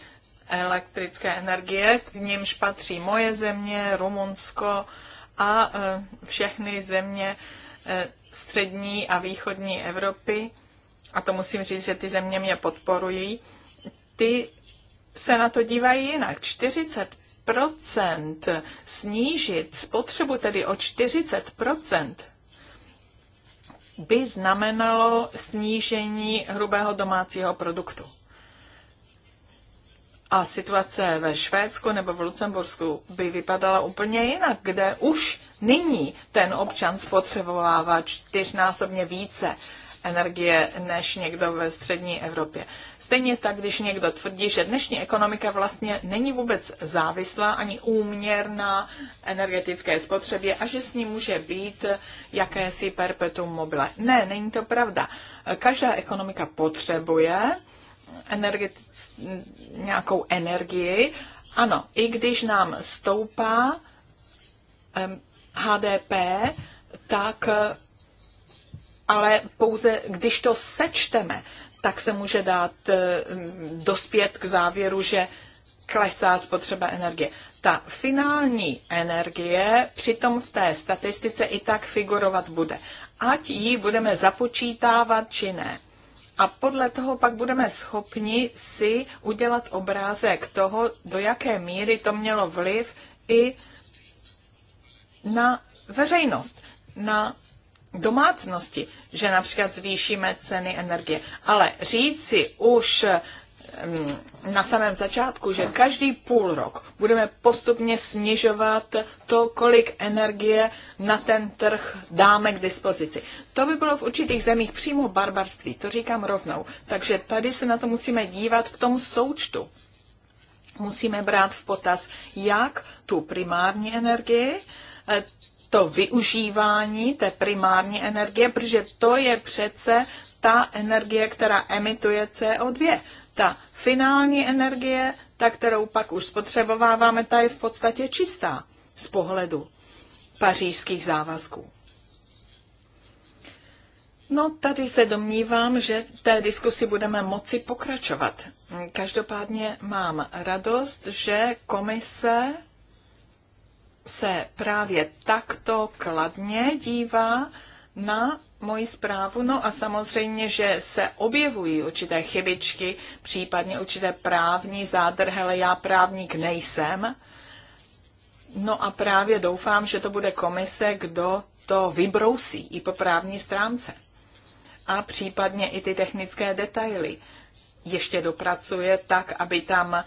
elektrické energie, k nímž patří moje země, Rumunsko a eh, všechny země eh, střední a východní Evropy, a to musím říct, že ty země mě podporují, ty se na to dívají jinak. 40 snížit spotřebu tedy o 40 by znamenalo snížení hrubého domácího produktu. A situace ve Švédsku nebo v Lucembursku by vypadala úplně jinak, kde už Nyní ten občan spotřebovává čtyřnásobně více energie než někdo ve střední Evropě. Stejně tak, když někdo tvrdí, že dnešní ekonomika vlastně není vůbec závislá ani úměrná energetické spotřebě a že s ní může být jakési perpetuum mobile. Ne, není to pravda. Každá ekonomika potřebuje energetic, nějakou energii. Ano, i když nám stoupá HDP, tak ale pouze když to sečteme, tak se může dát eh, dospět k závěru, že klesá spotřeba energie. Ta finální energie přitom v té statistice i tak figurovat bude. Ať ji budeme započítávat či ne. A podle toho pak budeme schopni si udělat obrázek toho, do jaké míry to mělo vliv i na veřejnost, na domácnosti, že například zvýšíme ceny energie. Ale říct si už na samém začátku, že každý půl rok budeme postupně snižovat to, kolik energie na ten trh dáme k dispozici. To by bylo v určitých zemích přímo barbarství, to říkám rovnou. Takže tady se na to musíme dívat v tom součtu. Musíme brát v potaz jak tu primární energii, to využívání té primární energie, protože to je přece ta energie, která emituje CO2. Ta finální energie, ta, kterou pak už spotřebováváme, ta je v podstatě čistá z pohledu pařížských závazků. No, tady se domnívám, že v té diskusi budeme moci pokračovat. Každopádně mám radost, že komise se právě takto kladně dívá na moji zprávu. No a samozřejmě, že se objevují určité chybičky, případně určité právní zádrhele. Já právník nejsem. No a právě doufám, že to bude komise, kdo to vybrousí i po právní stránce. A případně i ty technické detaily ještě dopracuje tak, aby tam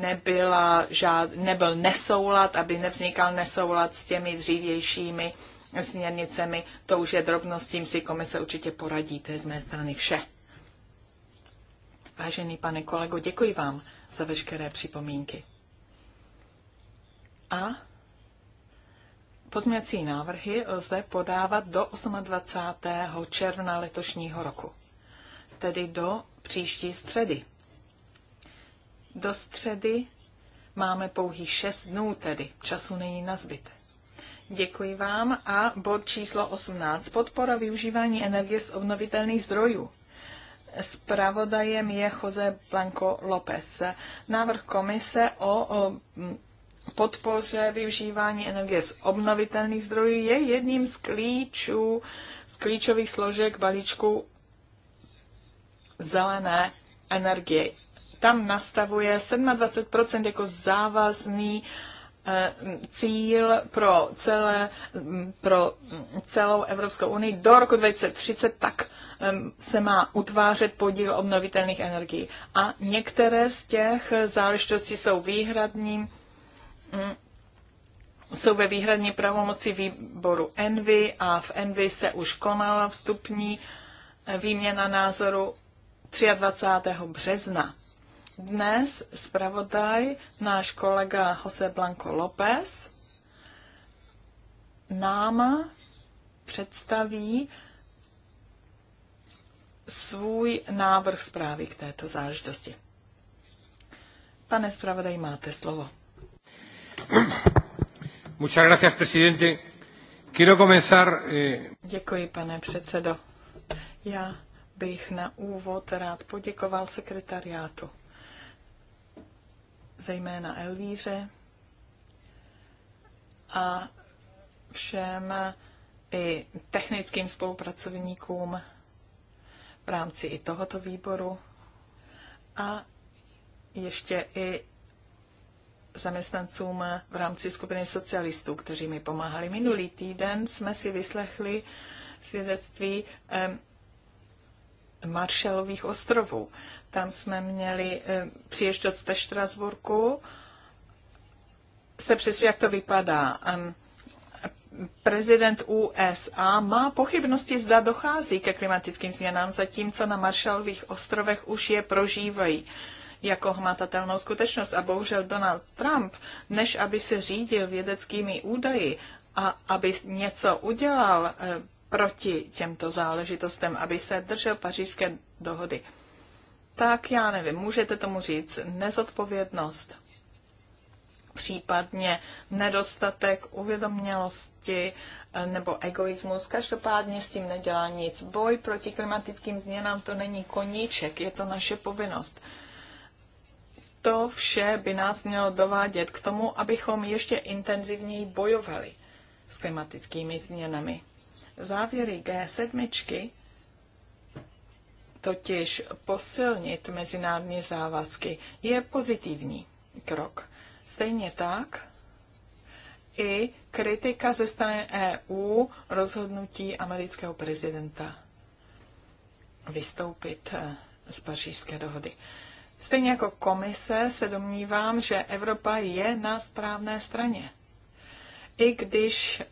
nebyla žád, nebyl nesoulad, aby nevznikal nesoulad s těmi dřívějšími směrnicemi. To už je drobnost, tím si komise určitě poradí. To je z mé strany vše. Vážený pane kolego, děkuji vám za veškeré připomínky. A pozměňovací návrhy lze podávat do 28. června letošního roku, tedy do příští středy do středy. Máme pouhý 6 dnů tedy, času není na zbytek. Děkuji vám a bod číslo 18. Podpora využívání energie z obnovitelných zdrojů. Spravodajem je Jose Blanco López. Návrh komise o, o podpoře využívání energie z obnovitelných zdrojů je jedním z klíčů, z klíčových složek balíčku zelené energie tam nastavuje 27% jako závazný eh, cíl pro, celé, mm, pro mm, celou Evropskou unii do roku 2030, tak se má utvářet podíl obnovitelných energií. A některé z těch záležitostí jsou výhradní, mm, jsou ve výhradní pravomoci výboru Envy a v Envy se už konala vstupní eh, výměna názoru 23. března. Dnes zpravodaj náš kolega Jose Blanco López nám představí svůj návrh zprávy k této záležitosti. Pane zpravodaj, máte slovo. Muchas gracias, presidente. Quiero comenzar... Eh, Děkuji, pane předsedo. Já bych na úvod rád poděkoval sekretariátu zejména Elvíře a všem i technickým spolupracovníkům v rámci i tohoto výboru a ještě i zaměstnancům v rámci skupiny socialistů, kteří mi pomáhali. Minulý týden jsme si vyslechli svědectví Maršalových ostrovů. Tam jsme měli eh, příježdět ze Štrasburku, se přesvědčit, jak to vypadá. Prezident USA má pochybnosti, zda dochází ke klimatickým změnám, zatímco na Maršalových ostrovech už je prožívají jako hmatatelnou skutečnost. A bohužel Donald Trump, než aby se řídil vědeckými údaji a aby něco udělal eh, proti těmto záležitostem, aby se držel pařížské dohody. Tak já nevím, můžete tomu říct nezodpovědnost, případně nedostatek uvědomělosti eh, nebo egoismus. Každopádně s tím nedělá nic. Boj proti klimatickým změnám to není koníček, je to naše povinnost to vše by nás mělo dovádět k tomu, abychom ještě intenzivněji bojovali s klimatickými změnami. Závěry G7 totiž posilnit mezinárodní závazky je pozitivní krok. Stejně tak i kritika ze strany EU rozhodnutí amerického prezidenta vystoupit eh, z pařížské dohody. Stejně jako komise se domnívám, že Evropa je na správné straně. I když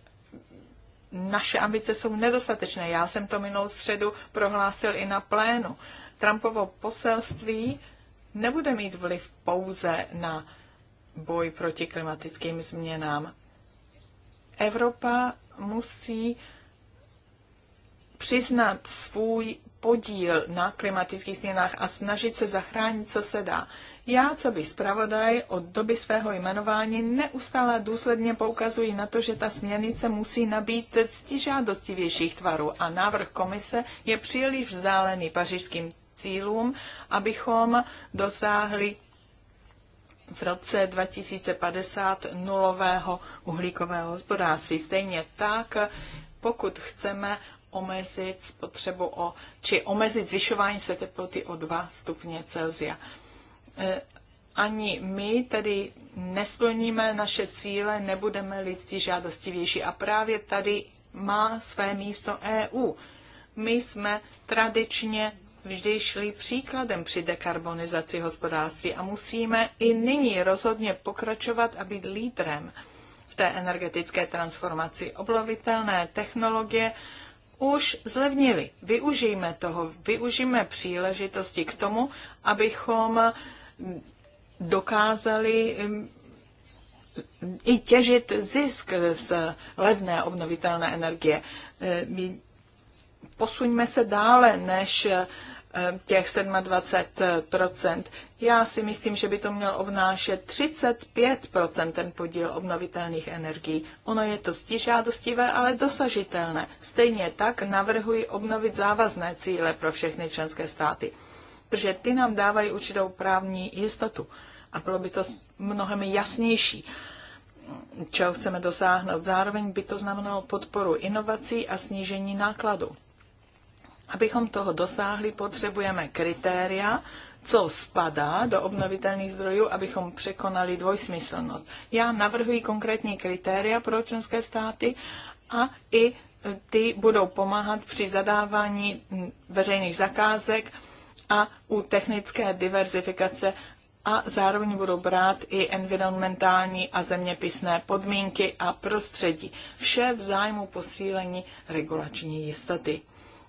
naše ambice jsou nedostatečné. Já jsem to minulou středu prohlásil i na plénu. Trumpovo poselství nebude mít vliv pouze na boj proti klimatickým změnám. Evropa musí přiznat svůj podíl na klimatických změnách a snažit se zachránit, co se dá. Já, co bych zpravodaj, od doby svého jmenování neustále důsledně poukazuji na to, že ta směrnice musí nabít ctižádostivějších tvarů a návrh komise je příliš vzdálený pařížským cílům, abychom dosáhli v roce 2050 nulového uhlíkového hospodářství. Stejně tak, pokud chceme omezit spotřebu o, či omezit zvyšování se teploty o 2 stupně Celsia. Eh, ani my tedy nesplníme naše cíle, nebudeme lidství žádostivější. A právě tady má své místo EU. My jsme tradičně vždy šli příkladem při dekarbonizaci hospodářství a musíme i nyní rozhodně pokračovat a být lídrem v té energetické transformaci. Oblovitelné technologie už zlevnili. Využijme toho, využijme příležitosti k tomu, abychom dokázali i těžit zisk z levné obnovitelné energie. E, posuňme se dále než e, těch 27%. Já si myslím, že by to měl obnášet 35% ten podíl obnovitelných energií. Ono je to žádostivé, ale dosažitelné. Stejně tak navrhuji obnovit závazné cíle pro všechny členské státy protože ty nám dávají určitou právní jistotu a bylo by to mnohem jasnější, čeho chceme dosáhnout. Zároveň by to znamenalo podporu inovací a snížení nákladů. Abychom toho dosáhli, potřebujeme kritéria, co spadá do obnovitelných zdrojů, abychom překonali dvojsmyslnost. Já navrhuji konkrétní kritéria pro členské státy a i ty budou pomáhat při zadávání veřejných zakázek a u technické diverzifikace a zároveň budou brát i environmentální a zeměpisné podmínky a prostředí. Vše v zájmu posílení regulační jistoty.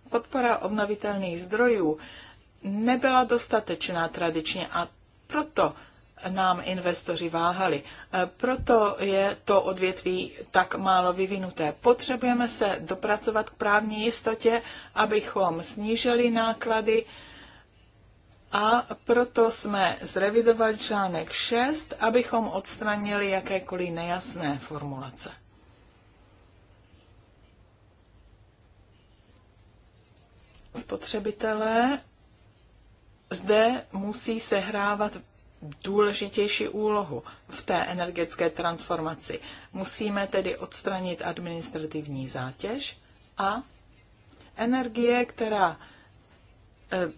Podpora obnovitelných zdrojů nebyla dostatečná tradičně a proto nám investoři váhali. E, proto je to odvětví tak málo vyvinuté. Potřebujeme se dopracovat k právní jistotě, abychom snížili náklady, a proto jsme zrevidovali článek 6, abychom odstranili jakékoliv nejasné formulace. Spotřebitelé zde musí sehrávat důležitější úlohu v té energetické transformaci. Musíme tedy odstranit administrativní zátěž a energie, která eh,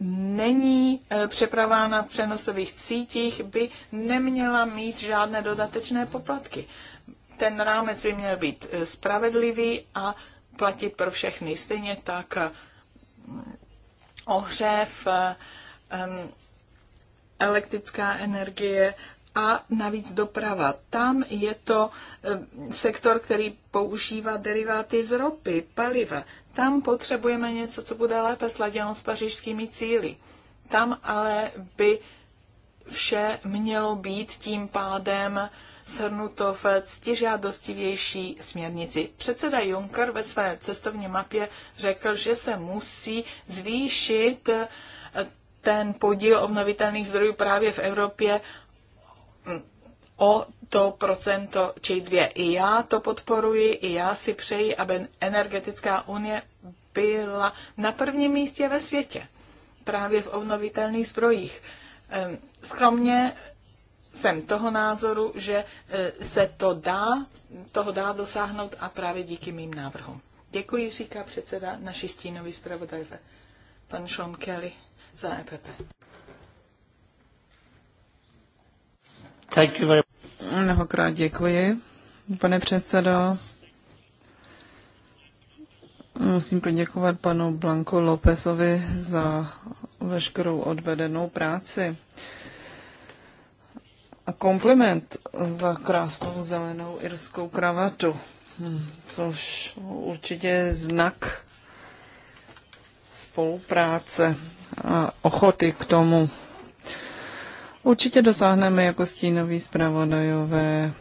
není eh, přepravána v přenosových cítích, by neměla mít žádné dodatečné poplatky. Ten rámec by měl být eh, spravedlivý a platit pro všechny. Stejně tak eh, ohřev, elektrická energie, a navíc doprava. Tam je to eh, sektor, který používá deriváty z ropy, paliva. Tam potřebujeme něco, co bude lépe sladěno s pařížskými cíly. Tam ale by vše mělo být tím pádem shrnuto v ctižádostivější směrnici. Předseda Juncker ve své cestovní mapě řekl, že se musí zvýšit eh, ten podíl obnovitelných zdrojů právě v Evropě o to procento či dvě. I já to podporuji, i já si přeji, aby energetická unie byla na prvním místě ve světě, právě v obnovitelných zbrojích. Skromně jsem toho názoru, že e, se to dá, toho dá dosáhnout a právě díky mým návrhům. Děkuji, říká předseda naší stínový zpravodajve, pan Sean Kelly za EPP. Thank you very... Mnohokrát děkuji, pane předsedo. Musím poděkovat panu Blanco Lópezovi za veškerou odvedenou práci. A kompliment za krásnou zelenou irskou kravatu, hm, což určitě je znak spolupráce a ochoty k tomu. Určitě dosáhneme jako stínoví zpravodajové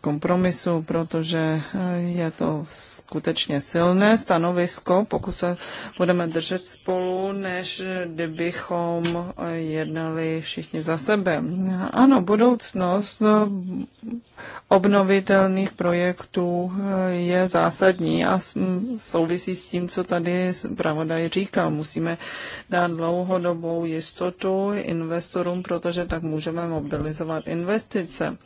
kompromisu, protože eh, je to skutečně silné stanovisko, pokud se budeme držet spolu, než kdybychom eh, jednali všichni za sebe. Ano, budoucnost eh, obnovitelných projektů je zásadní a souvisí s tím, co tady zpravodaj říkal. Musíme dát dlouhodobou jistotu investorům, protože tak můžeme mobilizovat investice.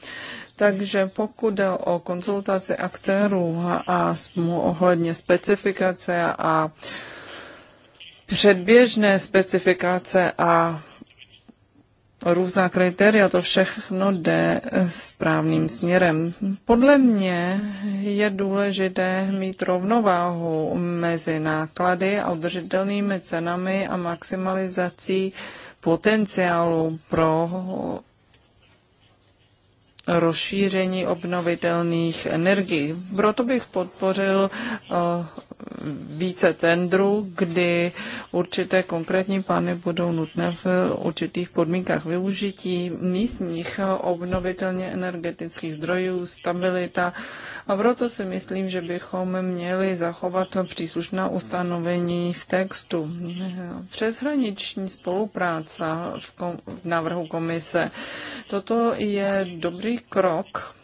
Takže pokud jde o konzultaci aktérů a ohledně specifikace a předběžné specifikace a různá kritéria, to všechno jde správným směrem. Podle mě je důležité mít rovnováhu mezi náklady a udržitelnými cenami a maximalizací potenciálu pro rozšíření obnovitelných energií. Proto bych podpořil eh, více tendrů, kdy určité konkrétní plány budou nutné v určitých podmínkách využití místních obnovitelně energetických zdrojů, stabilita. A proto si myslím, že bychom měli zachovat příslušná ustanovení v textu. Přeshraniční spolupráce v, kom- v návrhu komise. Toto je dobrý krok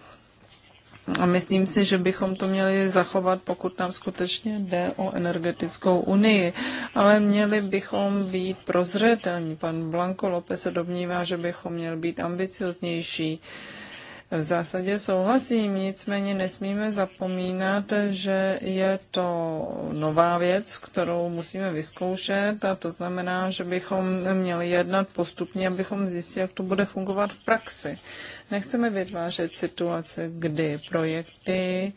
a myslím si, že bychom to měli zachovat, pokud nám skutečně jde o energetickou unii. Ale měli bychom být prozřetelní. Pan Blanco López se domnívá, že bychom měli být ambicioznější. V zásadě souhlasím, nicméně nesmíme zapomínat, že je to nová věc, kterou musíme vyzkoušet a to znamená, že bychom měli jednat postupně, abychom zjistili, jak to bude fungovat v praxi. Nechceme vytvářet situace, kdy projekty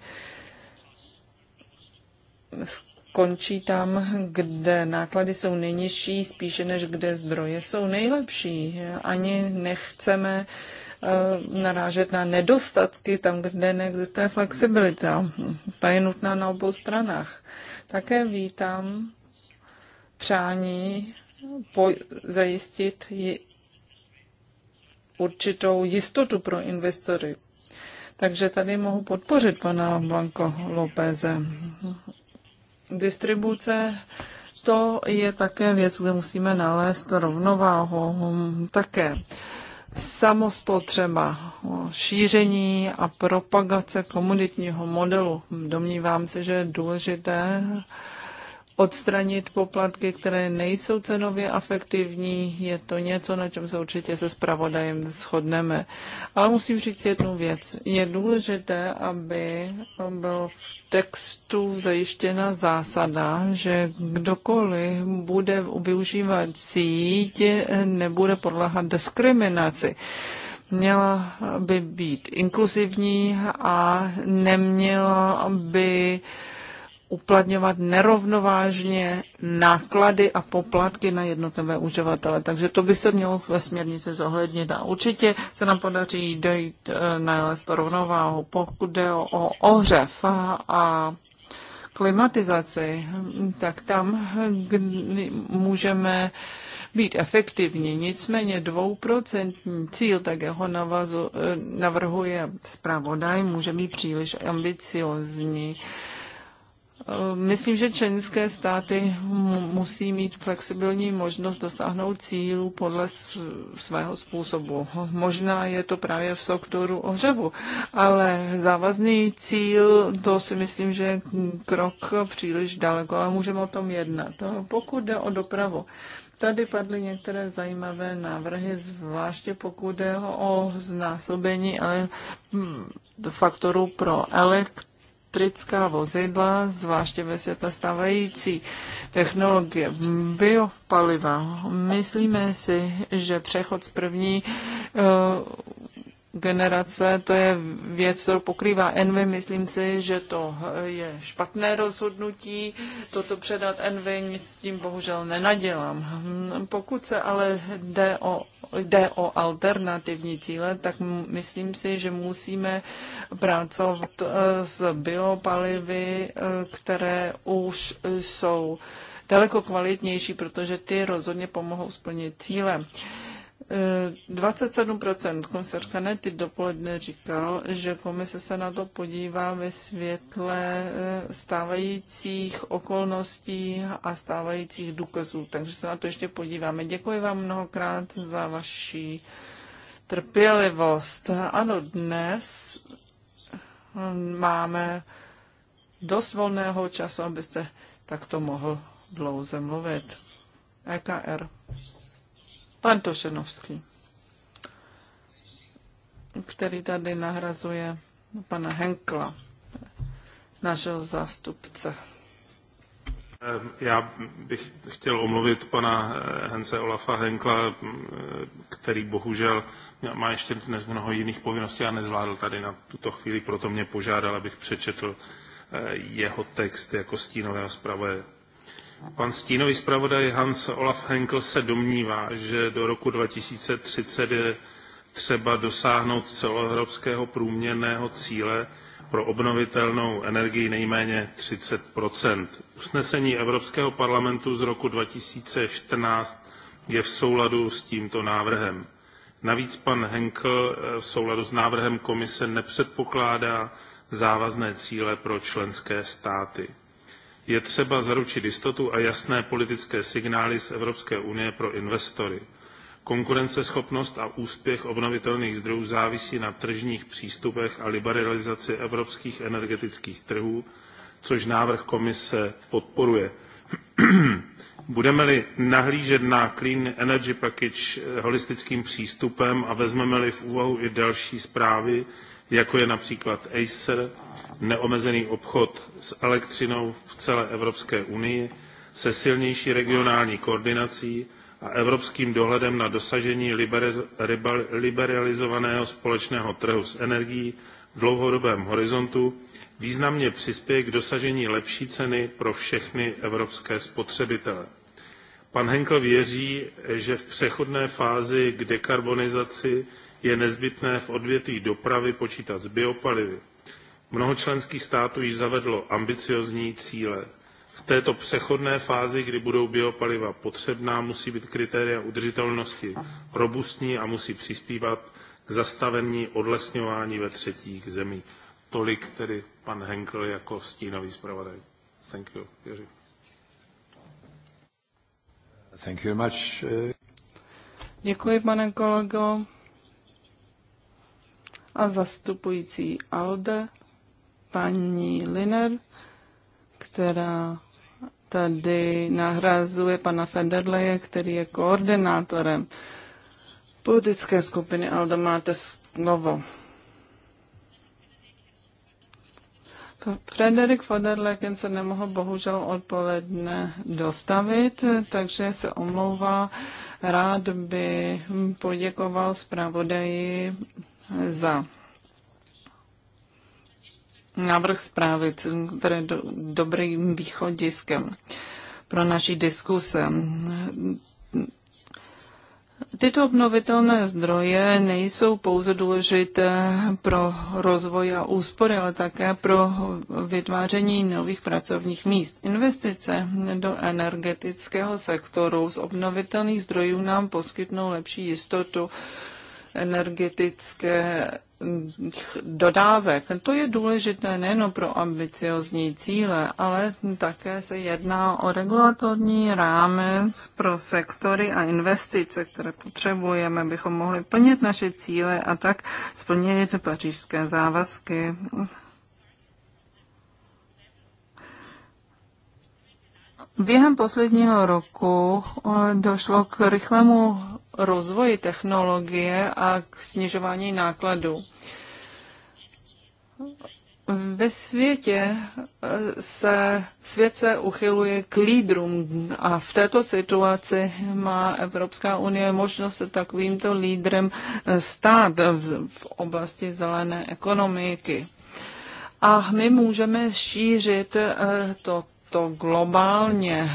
končí tam, kde náklady jsou nejnižší, spíše než kde zdroje jsou nejlepší. Ani nechceme uh, Eh, narážet na nedostatky tam, kde neexistuje flexibilita. Ta je nutná na obou stranách. Také vítám přání po, zajistit určitou jistotu pro investory. Takže tady mohu podpořit pana Blanco Lópeze. Distribuce to je také věc, kde musíme nalézt rovnováhu také samospotřeba, šíření a propagace komunitního modelu. Domnívám se, že je důležité odstranit poplatky, které nejsou cenově afektivní. Je to něco, na čem se určitě se zpravodajem shodneme. Ale musím říct jednu věc. Je důležité, aby byl v textu zajištěna zásada, že kdokoliv bude využívat síť, nebude podléhat diskriminaci měla by být inkluzivní a neměla by uplatňovat nerovnovážně náklady a poplatky na jednotlivé uživatele. Takže to by se mělo ve směrnici zohlednit a určitě se nám podaří dojít eh, na to rovnováhu, pokud jde o ohřev a klimatizaci, tak tam můžeme být efektivní. Nicméně dvouprocentní cíl, tak jeho navazu, eh, navrhuje zpravodaj, může být příliš ambiciozní. Eh, myslím, že členské státy musí mít flexibilní možnost dosáhnout cílů podle svého způsobu. Možná je to právě v sektoru ohřevu, ale závazný cíl, to si myslím, že je krok příliš daleko, ale můžeme o tom jednat. Eh, pokud jde o dopravu, tady padly některé zajímavé návrhy, zvláště pokud jde o znásobení ale hm, faktorů pro elektrický elektrická vozidla, zvláště ve světle stávající technologie biopaliva. Myslíme si, že přechod z první eh, generace, to je věc, kterou pokrývá Envy. Myslím si, že to je špatné rozhodnutí. Toto předat Envy nic s tím bohužel nenadělám. Hm, pokud se ale jde o, jde o alternativní cíle, tak myslím si, že musíme pracovat eh, s biopalivy, eh, které už jsou daleko kvalitnější, protože ty rozhodně pomohou splnit cíle. 27% eh, komisař Kanety dopoledne říkal, že komise se na to podívá ve světle eh, stávajících okolností a stávajících důkazů, takže se na to ještě podíváme. Děkuji vám mnohokrát za vaši trpělivost. Ano, dnes máme dost volného času, abyste takto mohl dlouze mluvit. EKR pan Tošenovský, který tady nahrazuje pana Henkla, našeho zástupce. Ehm, já bych chtěl omluvit pana eh, Hence Olafa Henkla, eh, který bohužel má ještě dnes mnoho jiných povinností a nezvládl tady na tuto chvíli, proto mě požádal, abych přečetl eh, jeho text jako stínového zpravodaje Pan stínový zpravodaj Hans Olaf Henkel se domnívá, že do roku 2030 je třeba dosáhnout celoevropského průměrného cíle pro obnovitelnou energii nejméně 30 Usnesení Evropského parlamentu z roku 2014 je v souladu s tímto návrhem. Navíc pan Henkel v souladu s návrhem komise nepředpokládá závazné cíle pro členské státy. Je třeba zaručit jistotu a jasné politické signály z Evropské unie pro investory. Konkurenceschopnost a úspěch obnovitelných zdrojů závisí na tržních přístupech a liberalizaci evropských energetických trhů, což návrh komise podporuje. Budeme-li nahlížet na Clean Energy Package eh, holistickým přístupem a vezmeme-li v úvahu i další zprávy, jako je například ACER, neomezený obchod s elektřinou v celé Evropské unii, se silnější regionální koordinací a evropským dohledem na dosažení liberalizovaného společného trhu s energií v dlouhodobém horizontu významně přispěje k dosažení lepší ceny pro všechny evropské spotřebitele. Pan Henkel věří, že v přechodné fázi k dekarbonizaci je nezbytné v odvětví dopravy počítat s biopalivy. Mnoho členských států již zavedlo ambiciózní cíle. V této přechodné fázi, kdy budou biopaliva potřebná, musí být kritéria udržitelnosti robustní a musí přispívat k zastavení odlesňování ve třetích zemích. Tolik tedy pan Henkel jako stínový zpravodaj. Thank you, Jiří. Thank you much. Eh. Děkuji, pane kolego. A zastupující Alde paní Liner, která tady nahrazuje pana Federleje, který je koordinátorem politické skupiny Aldo. Máte slovo. Frederik Foderleken se nemohl bohužel odpoledne dostavit, takže se omlouvá. Rád by poděkoval zpravodaji za návrh zprávy, které je do, dobrým východiskem pro naší diskuse. Tyto obnovitelné zdroje nejsou pouze důležité pro rozvoj a úspory, ale také pro vytváření nových pracovních míst. Investice do energetického sektoru z obnovitelných zdrojů nám poskytnou lepší jistotu energetické dodávek. To je důležité nejen pro ambiciozní cíle, ale také se jedná o regulatorní rámec pro sektory a investice, které potřebujeme, abychom mohli plnit naše cíle a tak splnit pařížské závazky. Během posledního roku došlo k rychlému rozvoji technologie a k snižování nákladů. Ve světě eh, se, svět se uchyluje k lídrům a v této situaci má Evropská unie možnost se takovýmto lídrem eh, stát v, v oblasti zelené ekonomiky. A my můžeme šířit eh, to to globálně.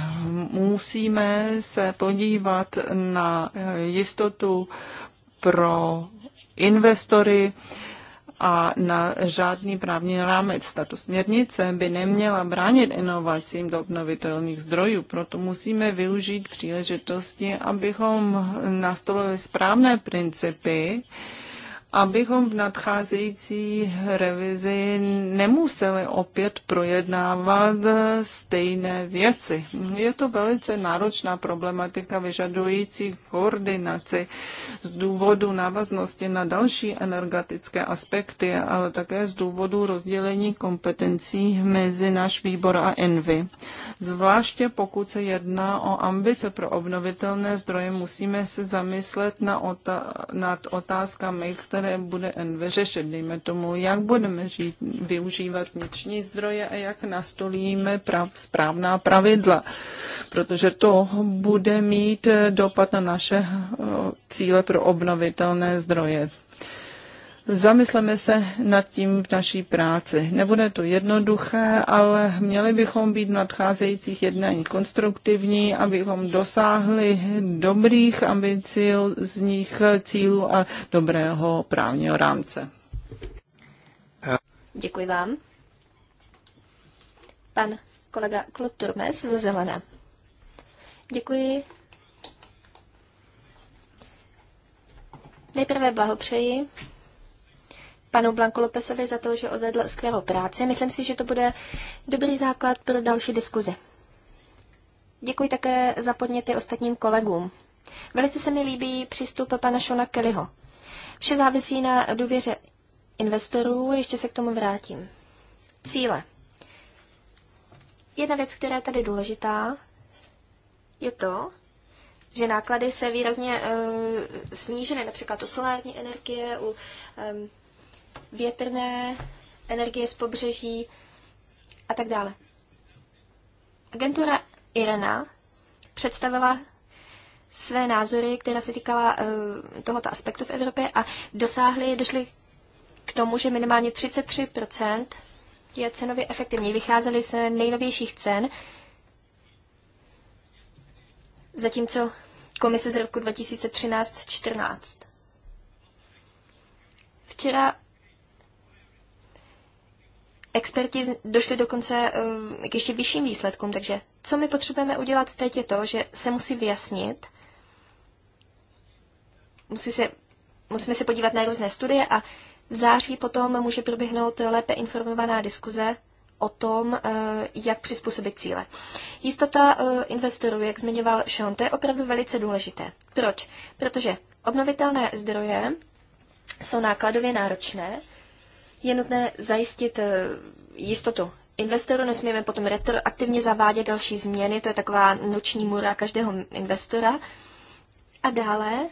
Musíme se podívat na jistotu pro investory a na žádný právní rámec. Tato směrnice by neměla bránit inovacím do obnovitelných zdrojů, proto musíme využít příležitosti, abychom nastolili správné principy, abychom v nadcházející revizi nemuseli opět projednávat stejné věci. Je to velice náročná problematika vyžadující koordinaci z důvodu návaznosti na další energetické aspekty, ale také z důvodu rozdělení kompetencí mezi náš výbor a Envy. Zvláště pokud se jedná o ambice pro obnovitelné zdroje, musíme se zamyslet na ota- nad otázkami, které které bude vyřešit, Dejme tomu, jak budeme žít, využívat vnitřní zdroje a jak nastolíme prav, správná pravidla, protože to bude mít dopad na naše eh, cíle pro obnovitelné zdroje. Zamysleme se nad tím v naší práci. Nebude to jednoduché, ale měli bychom být v nadcházejících jednání konstruktivní, abychom dosáhli dobrých, ambiciozních cílů a dobrého právního rámce. Děkuji vám. Pan kolega Klod Turmes ze Zelena. Děkuji. Nejprve blahopřeji panu Blanku Lopesovi za to, že odvedl skvělou práci. Myslím si, že to bude dobrý základ pro další diskuzi. Děkuji také za podněty ostatním kolegům. Velice se mi líbí přístup pana Šona Kellyho. Vše závisí na důvěře investorů, ještě se k tomu vrátím. Cíle. Jedna věc, která je tady důležitá, je to, že náklady se výrazně e, snížily, například u solární energie, u e, větrné energie z pobřeží a tak dále. Agentura Irena představila své názory, která se týkala uh, tohoto aspektu v Evropě a dosáhli, došli k tomu, že minimálně 33% je cenově efektivní. Vycházeli se nejnovějších cen, zatímco komise z roku 2013-14. Včera Experti došli dokonce eh, k ještě vyšším výsledkům, takže co my potřebujeme udělat teď je to, že se musí vyjasnit, musí se, musíme se podívat na různé studie a v září potom může proběhnout lépe informovaná diskuze o tom, eh, jak přizpůsobit cíle. Jistota eh, investorů, jak zmiňoval Sean, to je opravdu velice důležité. Proč? Protože obnovitelné zdroje jsou nákladově náročné je nutné zajistit eh, jistotu investoru, nesmíme potom retroaktivně zavádět další změny, to je taková noční mura každého investora. A dále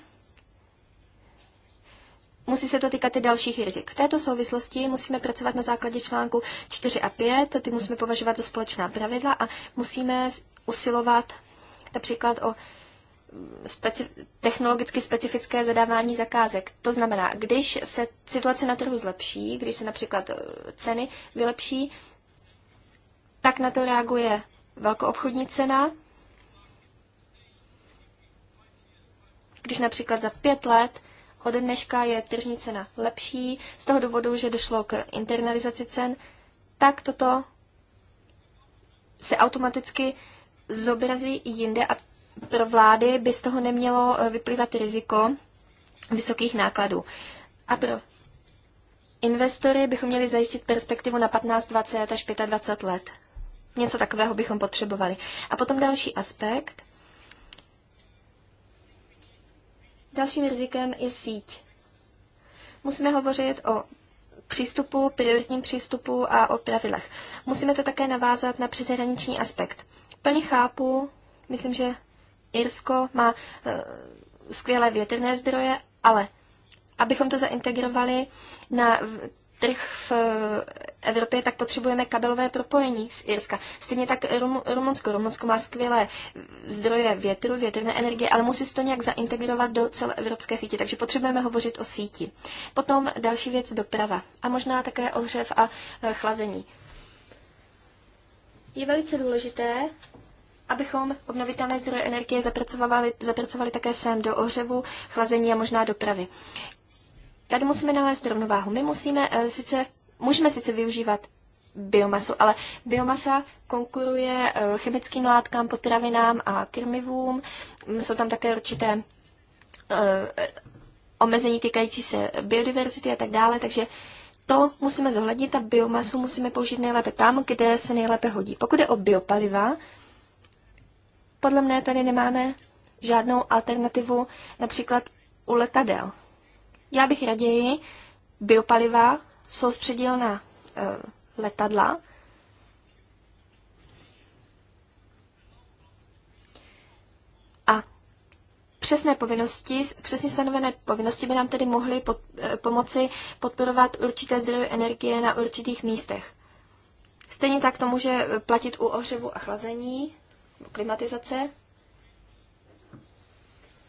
musí se to týkat i dalších rizik. V této souvislosti musíme pracovat na základě článku 4 a 5, ty musíme považovat za společná pravidla a musíme usilovat například o speci- technologicky specifické zadávání zakázek. To znamená, když se situace na trhu zlepší, když se například eh, ceny vylepší, tak na to reaguje velkoobchodní cena. Když například za pět let od dneška je tržní cena lepší, z toho důvodu, že došlo k internalizaci cen, tak toto se automaticky zobrazí jinde a pro vlády by z toho nemělo eh, vyplývat riziko vysokých nákladů. A pro investory bychom měli zajistit perspektivu na 15, 20 až 25 let. Něco takového bychom potřebovali. A potom další aspekt. Dalším rizikem je síť. Musíme hovořit o přístupu, prioritním přístupu a o pravidlech. Musíme to také navázat na přeshraniční aspekt. Plně chápu, myslím, že Irsko má eh, skvělé větrné zdroje, ale abychom to zaintegrovali na trh v eh, Evropě, tak potřebujeme kabelové propojení z Irska. Stejně tak Rum, Rumunsko. Rumunsko má skvělé zdroje větru, větrné energie, ale musí se to nějak zaintegrovat do celé evropské sítě, takže potřebujeme hovořit o síti. Potom další věc doprava a možná také ohřev a eh, chlazení. Je velice důležité, abychom obnovitelné zdroje energie zapracovali, zapracovali také sem do ohřevu, chlazení a možná dopravy. Tady musíme nalézt rovnováhu. My musíme eh, sice, můžeme sice využívat biomasu, ale biomasa konkuruje eh, chemickým látkám, potravinám a krmivům. Jsou tam také určité eh, omezení týkající se biodiverzity a tak dále, takže to musíme zohlednit a biomasu musíme použít nejlépe tam, kde se nejlépe hodí. Pokud je o biopaliva, podle mne tady nemáme žádnou alternativu například u letadel. Já bych raději biopaliva soustředil na e, letadla. A přesné povinnosti, přesně stanovené povinnosti by nám tedy mohly pod, e, pomoci podporovat určité zdroje energie na určitých místech. Stejně tak to může platit u ohřevu a chlazení klimatizace.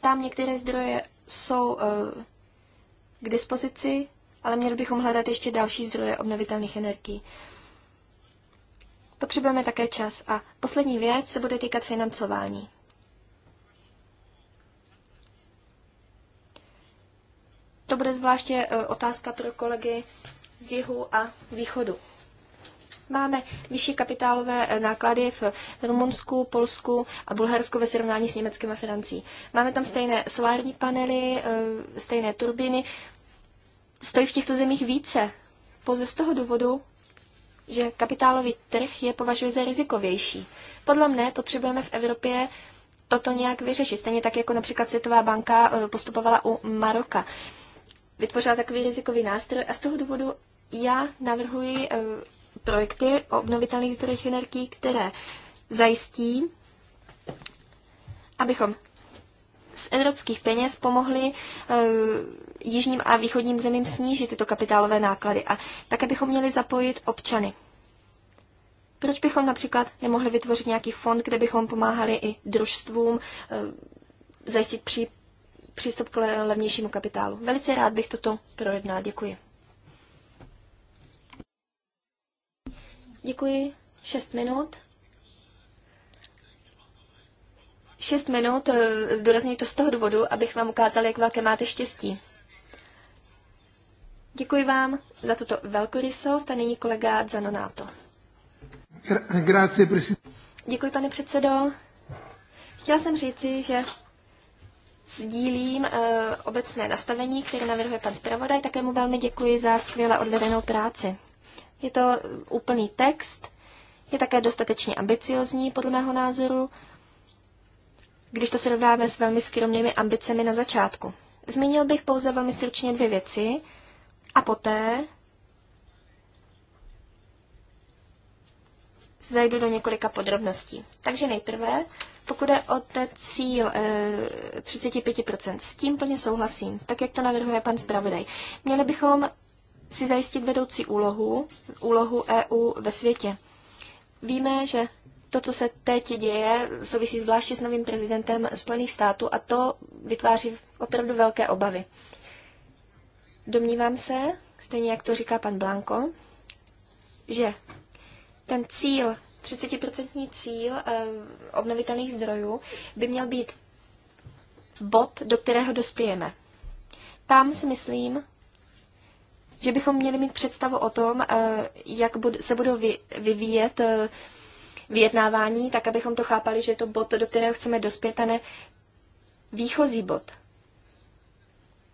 Tam některé zdroje jsou eh, k dispozici, ale měli bychom hledat ještě další zdroje obnovitelných energií. Potřebujeme také čas. A poslední věc se bude týkat financování. To bude zvláště eh, otázka pro kolegy z jihu a východu. Máme vyšší kapitálové eh, náklady v Rumunsku, Polsku a Bulharsku ve srovnání s Německem a Francí. Máme tam stejné solární panely, eh, stejné turbíny. Stojí v těchto zemích více. Pouze z toho důvodu, že kapitálový trh je považuje za rizikovější. Podle mne potřebujeme v Evropě toto nějak vyřešit. Stejně tak, jako například Světová banka eh, postupovala u Maroka. Vytvořila takový rizikový nástroj a z toho důvodu já navrhuji projekty o obnovitelných zdrojích energií, které zajistí, abychom z evropských peněz pomohli eh, jižním a východním zemím snížit tyto kapitálové náklady a také bychom měli zapojit občany. Proč bychom například nemohli vytvořit nějaký fond, kde bychom pomáhali i družstvům eh, zajistit pří, přístup k levnějšímu kapitálu? Velice rád bych toto projednal. Děkuji. Děkuji. Šest minut. Šest minut, eh, zdůraznuju to z toho důvodu, abych vám ukázal, jak velké máte štěstí. Děkuji vám za tuto velkorysost a nyní kolega Zanonato. Děkuji, pane předsedo. Chtěla jsem říci, že sdílím uh, obecné nastavení, které navrhuje pan zpravodaj. Také mu velmi děkuji za skvěle odvedenou práci. Je to úplný text, je také dostatečně ambiciozní, podle mého názoru, když to rovnáme s velmi skromnými ambicemi na začátku. Zmínil bych pouze velmi stručně dvě věci a poté zajdu do několika podrobností. Takže nejprve, pokud je o ten cíl e, eh, 35%, s tím plně souhlasím, tak jak to navrhuje pan zpravodaj. Měli bychom si zajistit vedoucí úlohu, úlohu EU ve světě. Víme, že to, co se teď děje, souvisí zvláště s novým prezidentem Spojených států a to vytváří opravdu velké obavy. Domnívám se, stejně jak to říká pan Blanco, že ten cíl, 30% cíl eh, obnovitelných zdrojů by měl být bod, do kterého dospějeme. Tam si myslím, že bychom měli mít představu o tom, eh, jak se budou vyvíjet eh, vyjednávání, tak abychom to chápali, že je to bod, do kterého chceme dospět a ne výchozí bod.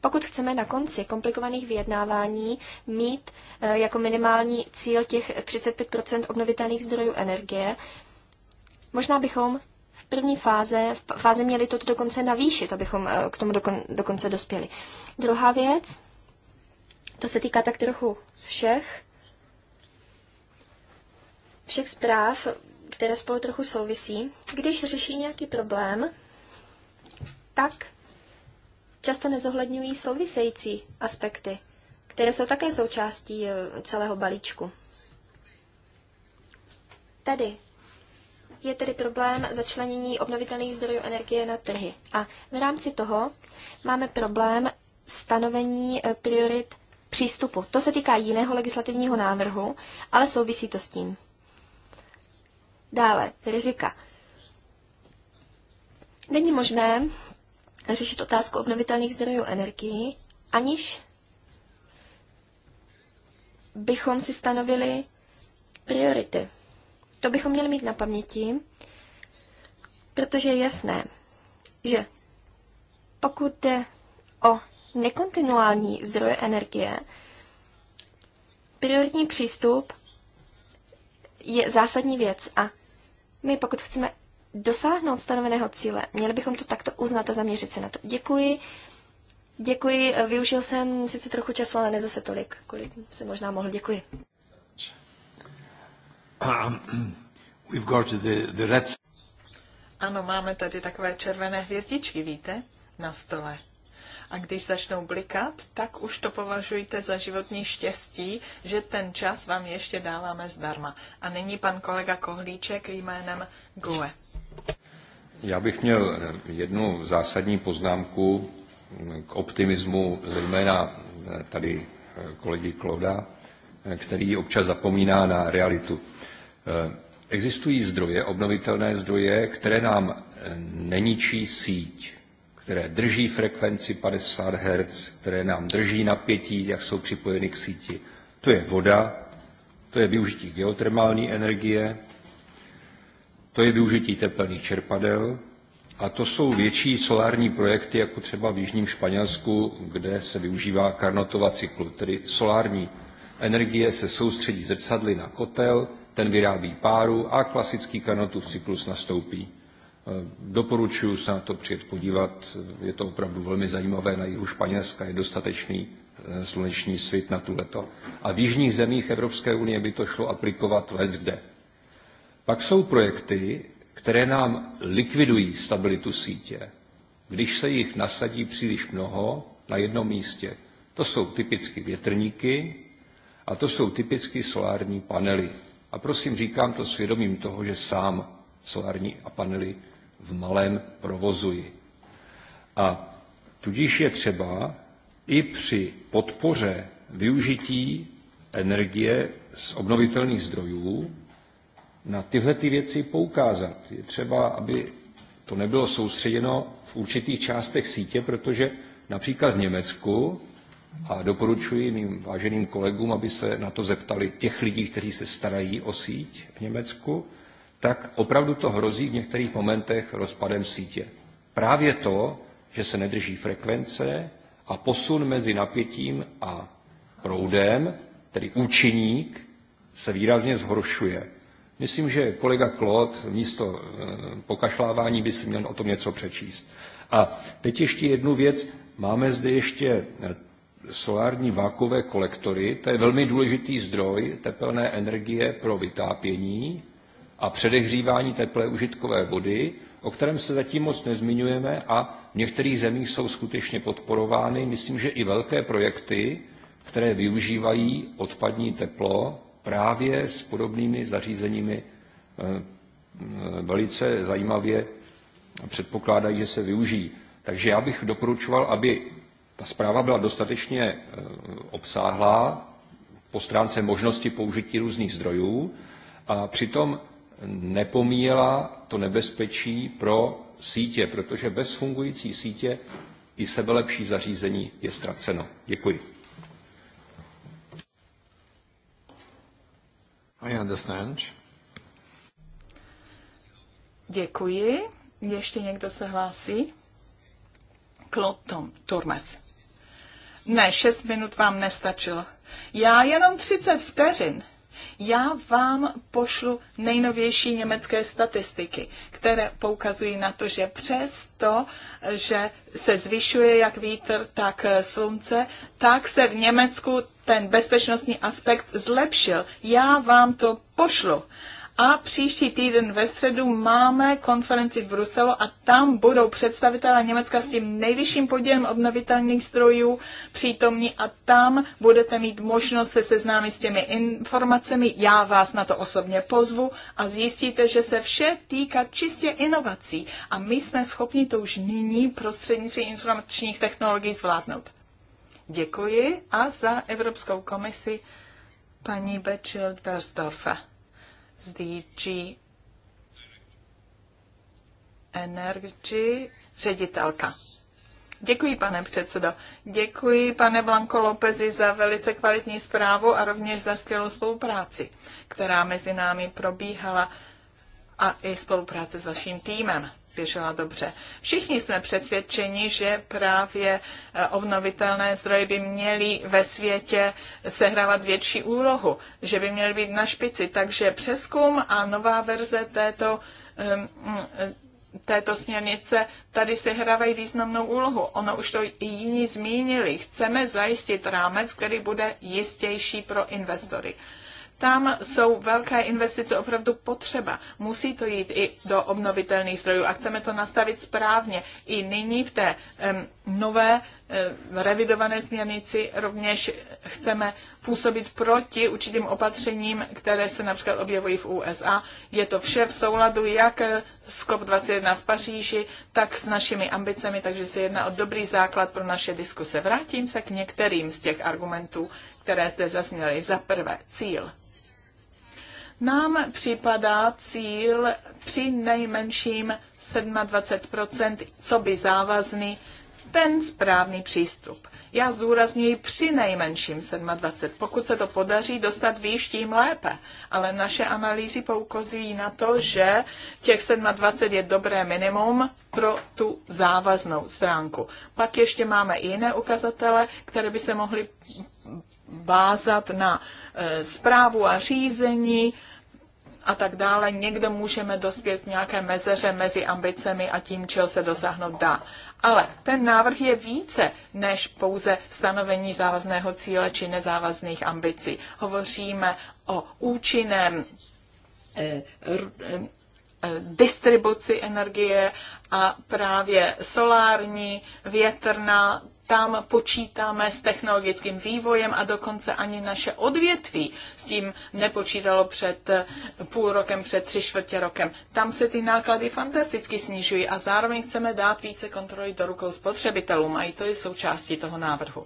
Pokud chceme na konci komplikovaných vyjednávání mít eh, jako minimální cíl těch 35 obnovitelných zdrojů energie, možná bychom v první fáze, v fáze měli toto dokonce navýšit, abychom k tomu dokonce dospěli. Druhá věc, to se týká tak trochu všech, všech zpráv, které spolu trochu souvisí. Když řeší nějaký problém, tak často nezohledňují související aspekty, které jsou také součástí eh, celého balíčku. Tady je tedy problém začlenění obnovitelných zdrojů energie na trhy. A v rámci toho máme problém stanovení eh, priorit přístupu. To se týká jiného legislativního návrhu, ale souvisí to s tím. Dále, rizika. Není možné řešit otázku obnovitelných zdrojů energii, aniž bychom si stanovili priority. To bychom měli mít na paměti, protože je jasné, že pokud jde o nekontinuální zdroje energie, prioritní přístup je zásadní věc a my, pokud chceme dosáhnout stanoveného cíle, měli bychom to takto uznat a zaměřit se na to. Děkuji. Děkuji, využil jsem sice trochu času, ale ne zase tolik, kolik se možná mohl. Děkuji. Um, we've got the, the red... Ano, máme tady takové červené hvězdičky, víte, na stole a když začnou blikat, tak už to považujte za životní štěstí, že ten čas vám ještě dáváme zdarma. A nyní pan kolega Kohlíček jménem GUE. Já bych měl jednu zásadní poznámku k optimismu, zejména tady kolegy Kloda, který občas zapomíná na realitu. Existují zdroje, obnovitelné zdroje, které nám neničí síť, které drží frekvenci 50 Hz, které nám drží napětí, jak jsou připojeny k síti. To je voda, to je využití geotermální energie, to je využití tepelných čerpadel a to jsou větší solární projekty, jako třeba v Jižním Španělsku, kde se využívá Karnotova cyklu, tedy solární energie se soustředí zrcadly na kotel, ten vyrábí páru a klasický Karnotův cyklus nastoupí. Eh, doporučuji se na to přijet podívat, je to opravdu velmi zajímavé na jihu Španělska, je dostatečný eh, sluneční svit na tu leto. A v jižních zemích Evropské unie by to šlo aplikovat les kde. Pak jsou projekty, které nám likvidují stabilitu sítě, když se jich nasadí příliš mnoho na jednom místě. To jsou typicky větrníky a to jsou typicky solární panely. A prosím, říkám to svědomím toho, že sám solární a panely v malém provozuji. A tudíž je třeba i při podpoře využití energie z obnovitelných zdrojů na tyhle ty věci poukázat. Je třeba, aby to nebylo soustředěno v určitých částech sítě, protože například v Německu, a doporučuji mým váženým kolegům, aby se na to zeptali těch lidí, kteří se starají o síť v Německu, tak opravdu to hrozí v některých momentech rozpadem sítě. Právě to, že se nedrží frekvence a posun mezi napětím a proudem, tedy účinník, se výrazně zhoršuje. Myslím, že kolega Klot místo eh, pokašlávání by si měl o tom něco přečíst. A teď ještě jednu věc. Máme zde ještě eh, solární vákové kolektory. To je velmi důležitý zdroj tepelné energie pro vytápění a předehřívání teplé užitkové vody, o kterém se zatím moc nezmiňujeme a v některých zemích jsou skutečně podporovány, myslím, že i velké projekty, které využívají odpadní teplo právě s podobnými zařízeními eh, eh, velice zajímavě předpokládají, že se využijí. Takže já bych doporučoval, aby ta zpráva byla dostatečně eh, obsáhlá po stránce možnosti použití různých zdrojů a přitom nepomíjela to nebezpečí pro sítě, protože bez fungující sítě i sebelepší zařízení je ztraceno. Děkuji. I understand. Děkuji. Ještě někdo se hlásí? Claude Turmes. Ne, šest minut vám nestačilo. Já jenom 30 vteřin. Já vám pošlu nejnovější německé statistiky, které poukazují na to, že přes to, že se zvyšuje jak vítr, tak eh, slunce, tak se v Německu ten bezpečnostní aspekt zlepšil. Já vám to pošlu. A příští týden ve středu máme konferenci v Bruselu a tam budou představitelé Německa s tím nejvyšším podílem obnovitelných zdrojů přítomní a tam budete mít možnost se seznámit s těmi informacemi. Já vás na to osobně pozvu a zjistíte, že se vše týká čistě inovací a my jsme schopni to už nyní prostřednictvím informačních technologií zvládnout. Děkuji a za Evropskou komisi paní Bečel-Versdorfer the G Energy, ředitelka. Děkuji, pane předsedo. Děkuji, pane Blanko Lopezi, za velice kvalitní zprávu a rovněž za skvělou spolupráci, která mezi námi probíhala a i spolupráce s vaším týmem běžela dobře. Všichni jsme přesvědčeni, že právě eh, obnovitelné zdroje by měly ve světě sehrávat větší úlohu, že by měly být na špici. Takže přeskum a nová verze této ehm, eh, této směrnice tady sehrávají významnou úlohu. Ono už to i jiní zmínili. Chceme zajistit rámec, který bude jistější pro investory. Tam jsou velké investice opravdu potřeba. Musí to jít i do obnovitelných zdrojů a chceme to nastavit správně. I nyní v té um, nové Eh, revidované směrnici rovněž chceme působit proti určitým opatřením, které se například objevují v USA. Je to vše v souladu jak s COP21 v Paříži, tak s našimi ambicemi, takže se jedná o dobrý základ pro naše diskuse. Vrátím se k některým z těch argumentů, které zde zazněly. Za prvé, cíl. Nám připadá cíl při nejmenším 27 co by závazný ten správný přístup. Já zdůrazňuji při nejmenším 27. Pokud se to podaří dostat výš, tím lépe. Ale naše analýzy poukazují na to, že těch 27 je dobré minimum pro tu závaznou stránku. Pak ještě máme i jiné ukazatele, které by se mohly vázat na e, zprávu a řízení, a tak dále, někde můžeme dospět nějaké mezeře mezi ambicemi a tím, čeho se dosáhnout dá. Ale ten návrh je více než pouze stanovení závazného cíle či nezávazných ambicí. Hovoříme o účinném eh, eh, Eh, distribuci energie a právě solární, větrná, tam počítáme s technologickým vývojem a dokonce ani naše odvětví s tím nepočítalo před eh, půl rokem, před tři čtvrtě rokem. Tam se ty náklady fantasticky snižují a zároveň chceme dát více kontroly do rukou spotřebitelům a i to je součástí toho návrhu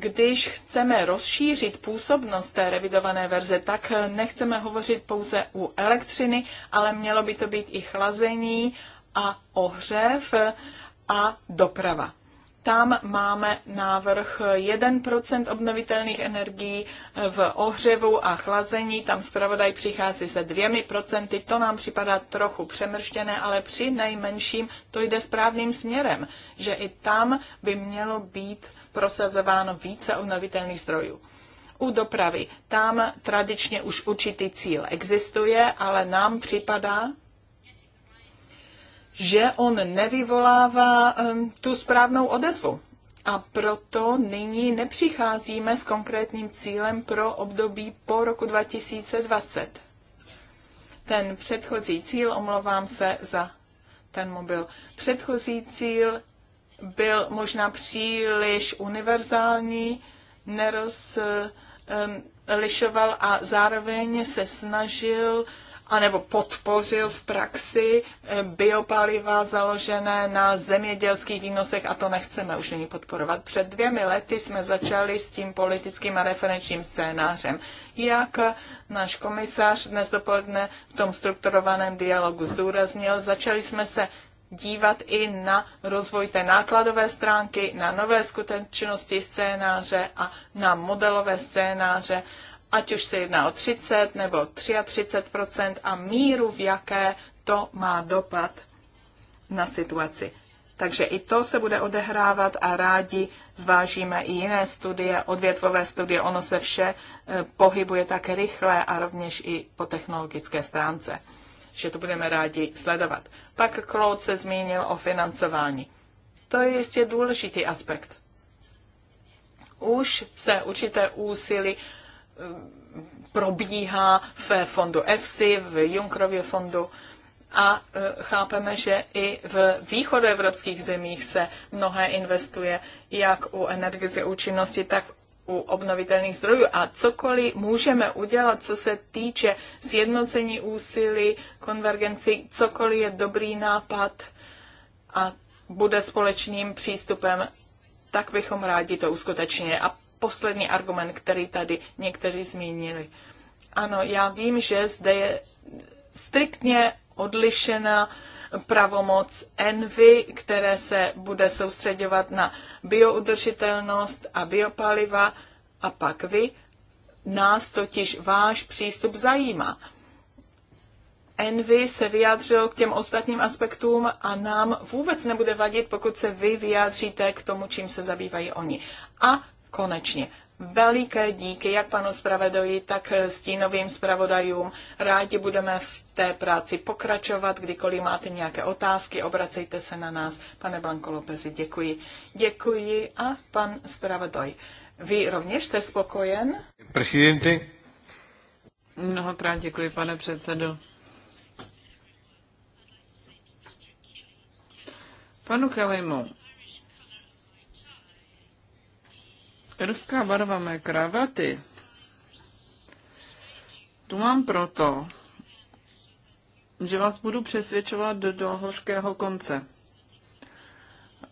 když chceme rozšířit působnost té revidované verze, tak nechceme hovořit pouze u elektřiny, ale mělo by to být i chlazení a ohřev a doprava. Tam máme návrh 1% obnovitelných energií v ohřevu a chlazení. Tam zpravodaj přichází se 2%. To nám připadá trochu přemrštěné, ale při nejmenším to jde správným směrem, že i tam by mělo být prosazováno více obnovitelných zdrojů. U dopravy tam tradičně už určitý cíl existuje, ale nám připadá, že on nevyvolává um, tu správnou odezvu. A proto nyní nepřicházíme s konkrétním cílem pro období po roku 2020. Ten předchozí cíl, omlouvám se za ten mobil, předchozí cíl byl možná příliš univerzální, nerozlišoval a zároveň se snažil anebo podpořil v praxi eh, biopaliva založené na zemědělských výnosech a to nechceme už nyní podporovat. Před dvěmi lety jsme začali s tím politickým a referenčním scénářem. Jak náš komisář dnes dopoledne v tom strukturovaném dialogu zdůraznil, začali jsme se dívat i na rozvoj té nákladové stránky, na nové skutečnosti scénáře a na modelové scénáře, ať už se jedná o 30 nebo 33 a míru, v jaké to má dopad na situaci. Takže i to se bude odehrávat a rádi zvážíme i jiné studie, odvětvové studie, ono se vše e, pohybuje tak rychle a rovněž i po technologické stránce, že to budeme rádi sledovat. Pak Claude se zmínil o financování. To je jistě důležitý aspekt. Už se určité úsilí eh, probíhá v fondu EFSI, v Junkrově fondu a eh, chápeme, že i v východoevropských zemích se mnohé investuje, jak u energie účinnosti, tak u obnovitelných zdrojů a cokoliv můžeme udělat, co se týče sjednocení úsilí, konvergenci, cokoliv je dobrý nápad a bude společným přístupem, tak bychom rádi to uskutečnili. A poslední argument, který tady někteří zmínili. Ano, já vím, že zde je striktně odlišena uh, pravomoc ENVY, které se bude soustředovat na bioudržitelnost a biopaliva a pak vy. Nás totiž váš přístup zajímá. Envy se vyjádřil k těm ostatním aspektům a nám vůbec nebude vadit, pokud se vy vyjádříte k tomu, čím se zabývají oni. A konečně veliké díky jak panu zpravodaji, tak stínovým zpravodajům. Rádi budeme v té práci pokračovat. Kdykoliv máte nějaké otázky, obracejte se na nás. Pane Blanko Lopezi, děkuji. Děkuji a pan zpravodaj. Vy rovněž jste spokojen? Prezidenty. Mnohokrát děkuji, pane předsedo. Panu Kelimu, Irská barva mé kravaty tu mám proto, že vás budu přesvědčovat do, do hořkého konce.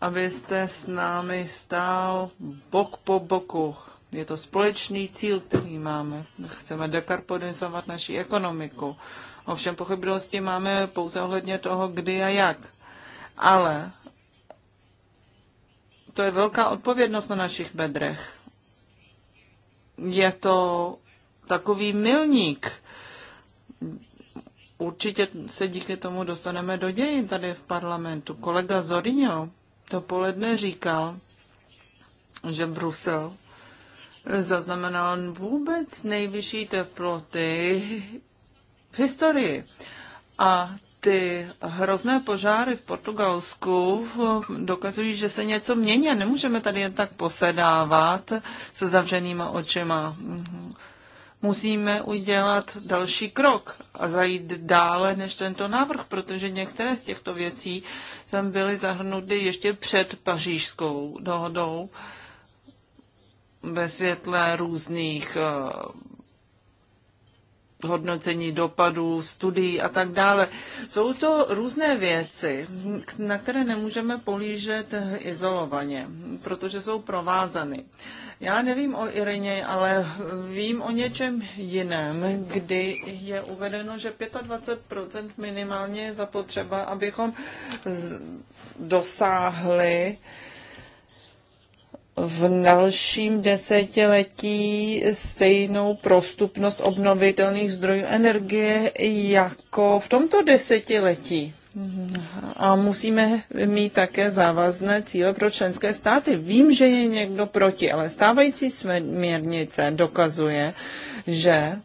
Abyste s námi stál bok po boku. Je to společný cíl, který máme. Chceme dekarbonizovat naši ekonomiku. Ovšem pochybnosti máme pouze ohledně toho, kdy a jak. Ale to je velká odpovědnost na našich bedrech je to takový milník. Určitě se díky tomu dostaneme do dějin tady v parlamentu. Kolega Zorinho dopoledne říkal, že Brusel zaznamenal vůbec nejvyšší teploty v historii. A ty hrozné požáry v Portugalsku dokazují, že se něco mění a nemůžeme tady jen tak posedávat se zavřenýma očima. Musíme udělat další krok a zajít dále než tento návrh, protože některé z těchto věcí sem byly zahrnuty ještě před pařížskou dohodou ve světle různých eh, hodnocení dopadů, studií a tak dále. Jsou to různé věci, na které nemůžeme polížet izolovaně, protože jsou provázany. Já nevím o Irině, ale vím o něčem jiném, kdy je uvedeno, že 25% minimálně je zapotřeba, abychom dosáhli v dalším desetiletí stejnou prostupnost obnovitelných zdrojů energie jako v tomto desetiletí. A musíme mít také závazné cíle pro členské státy. Vím, že je někdo proti, ale stávající směrnice dokazuje, že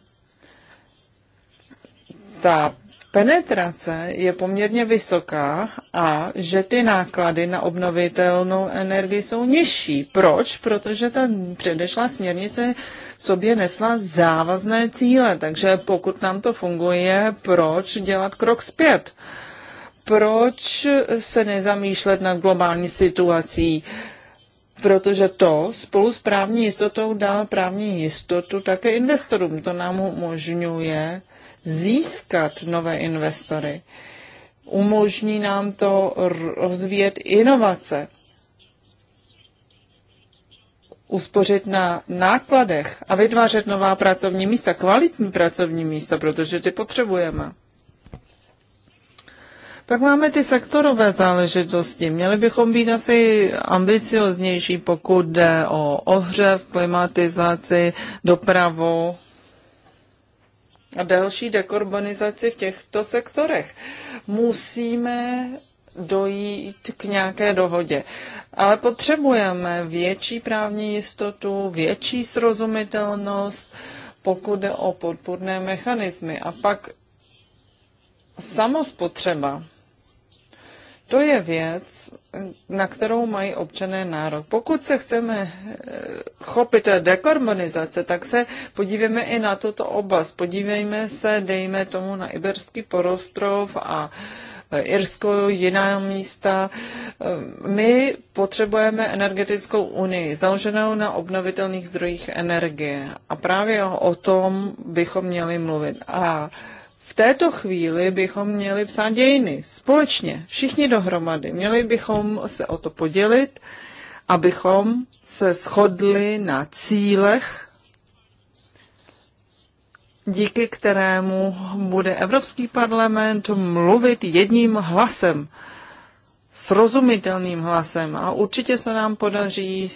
ta penetrace je poměrně vysoká a že ty náklady na obnovitelnou energii jsou nižší. Proč? Protože ta předešla směrnice sobě nesla závazné cíle, takže pokud nám to funguje, proč dělat krok zpět? Proč se nezamýšlet nad globální situací? protože to spolu s právní jistotou dá právní jistotu také investorům. To nám umožňuje získat nové investory. Umožní nám to rozvíjet inovace, uspořit na nákladech a vytvářet nová pracovní místa, kvalitní pracovní místa, protože ty potřebujeme. Pak máme ty sektorové záležitosti. Měli bychom být asi ambicioznější, pokud jde o ohřev, klimatizaci, dopravu a další dekarbonizaci v těchto sektorech. Musíme dojít k nějaké dohodě. Ale potřebujeme větší právní jistotu, větší srozumitelnost, pokud jde o podpůrné mechanismy. A pak samospotřeba. To je věc, na kterou mají občané nárok. Pokud se chceme eh, chopit dekarbonizace, tak se podívejme i na tuto oblast. Podívejme se, dejme tomu, na Iberský porostrov a eh, Irsko, jiná místa. Eh, my potřebujeme energetickou unii, založenou na obnovitelných zdrojích energie. A právě o tom bychom měli mluvit. A této chvíli bychom měli psát dějiny společně, všichni dohromady. Měli bychom se o to podělit, abychom se shodli na cílech, díky kterému bude Evropský parlament mluvit jedním hlasem srozumitelným hlasem. A určitě se nám podaří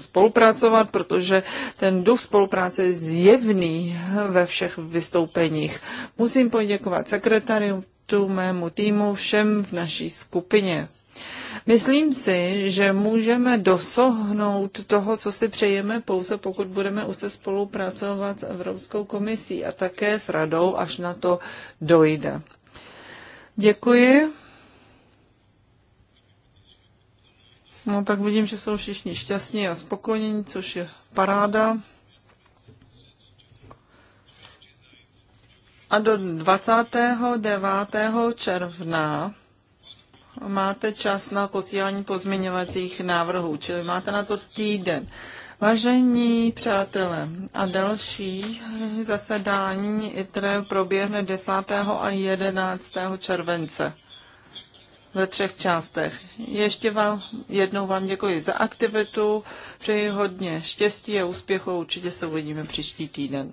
spolupracovat, protože ten duch spolupráce je zjevný ve všech vystoupeních. Musím poděkovat sekretariatu, mému týmu, všem v naší skupině. Myslím si, že můžeme dosohnout toho, co si přejeme, pouze pokud budeme se spolupracovat s Evropskou komisí a také s radou, až na to dojde. Děkuji. No tak vidím, že jsou všichni šťastní a spokojení, což je paráda. A do 29. června máte čas na posílání pozměňovacích návrhů, čili máte na to týden. Vážení přátelé, a další zasedání ITRE proběhne 10. a 11. července ve třech částech. Ještě vám, jednou vám děkuji za aktivitu, přeji hodně štěstí a úspěchu, určitě se uvidíme příští týden.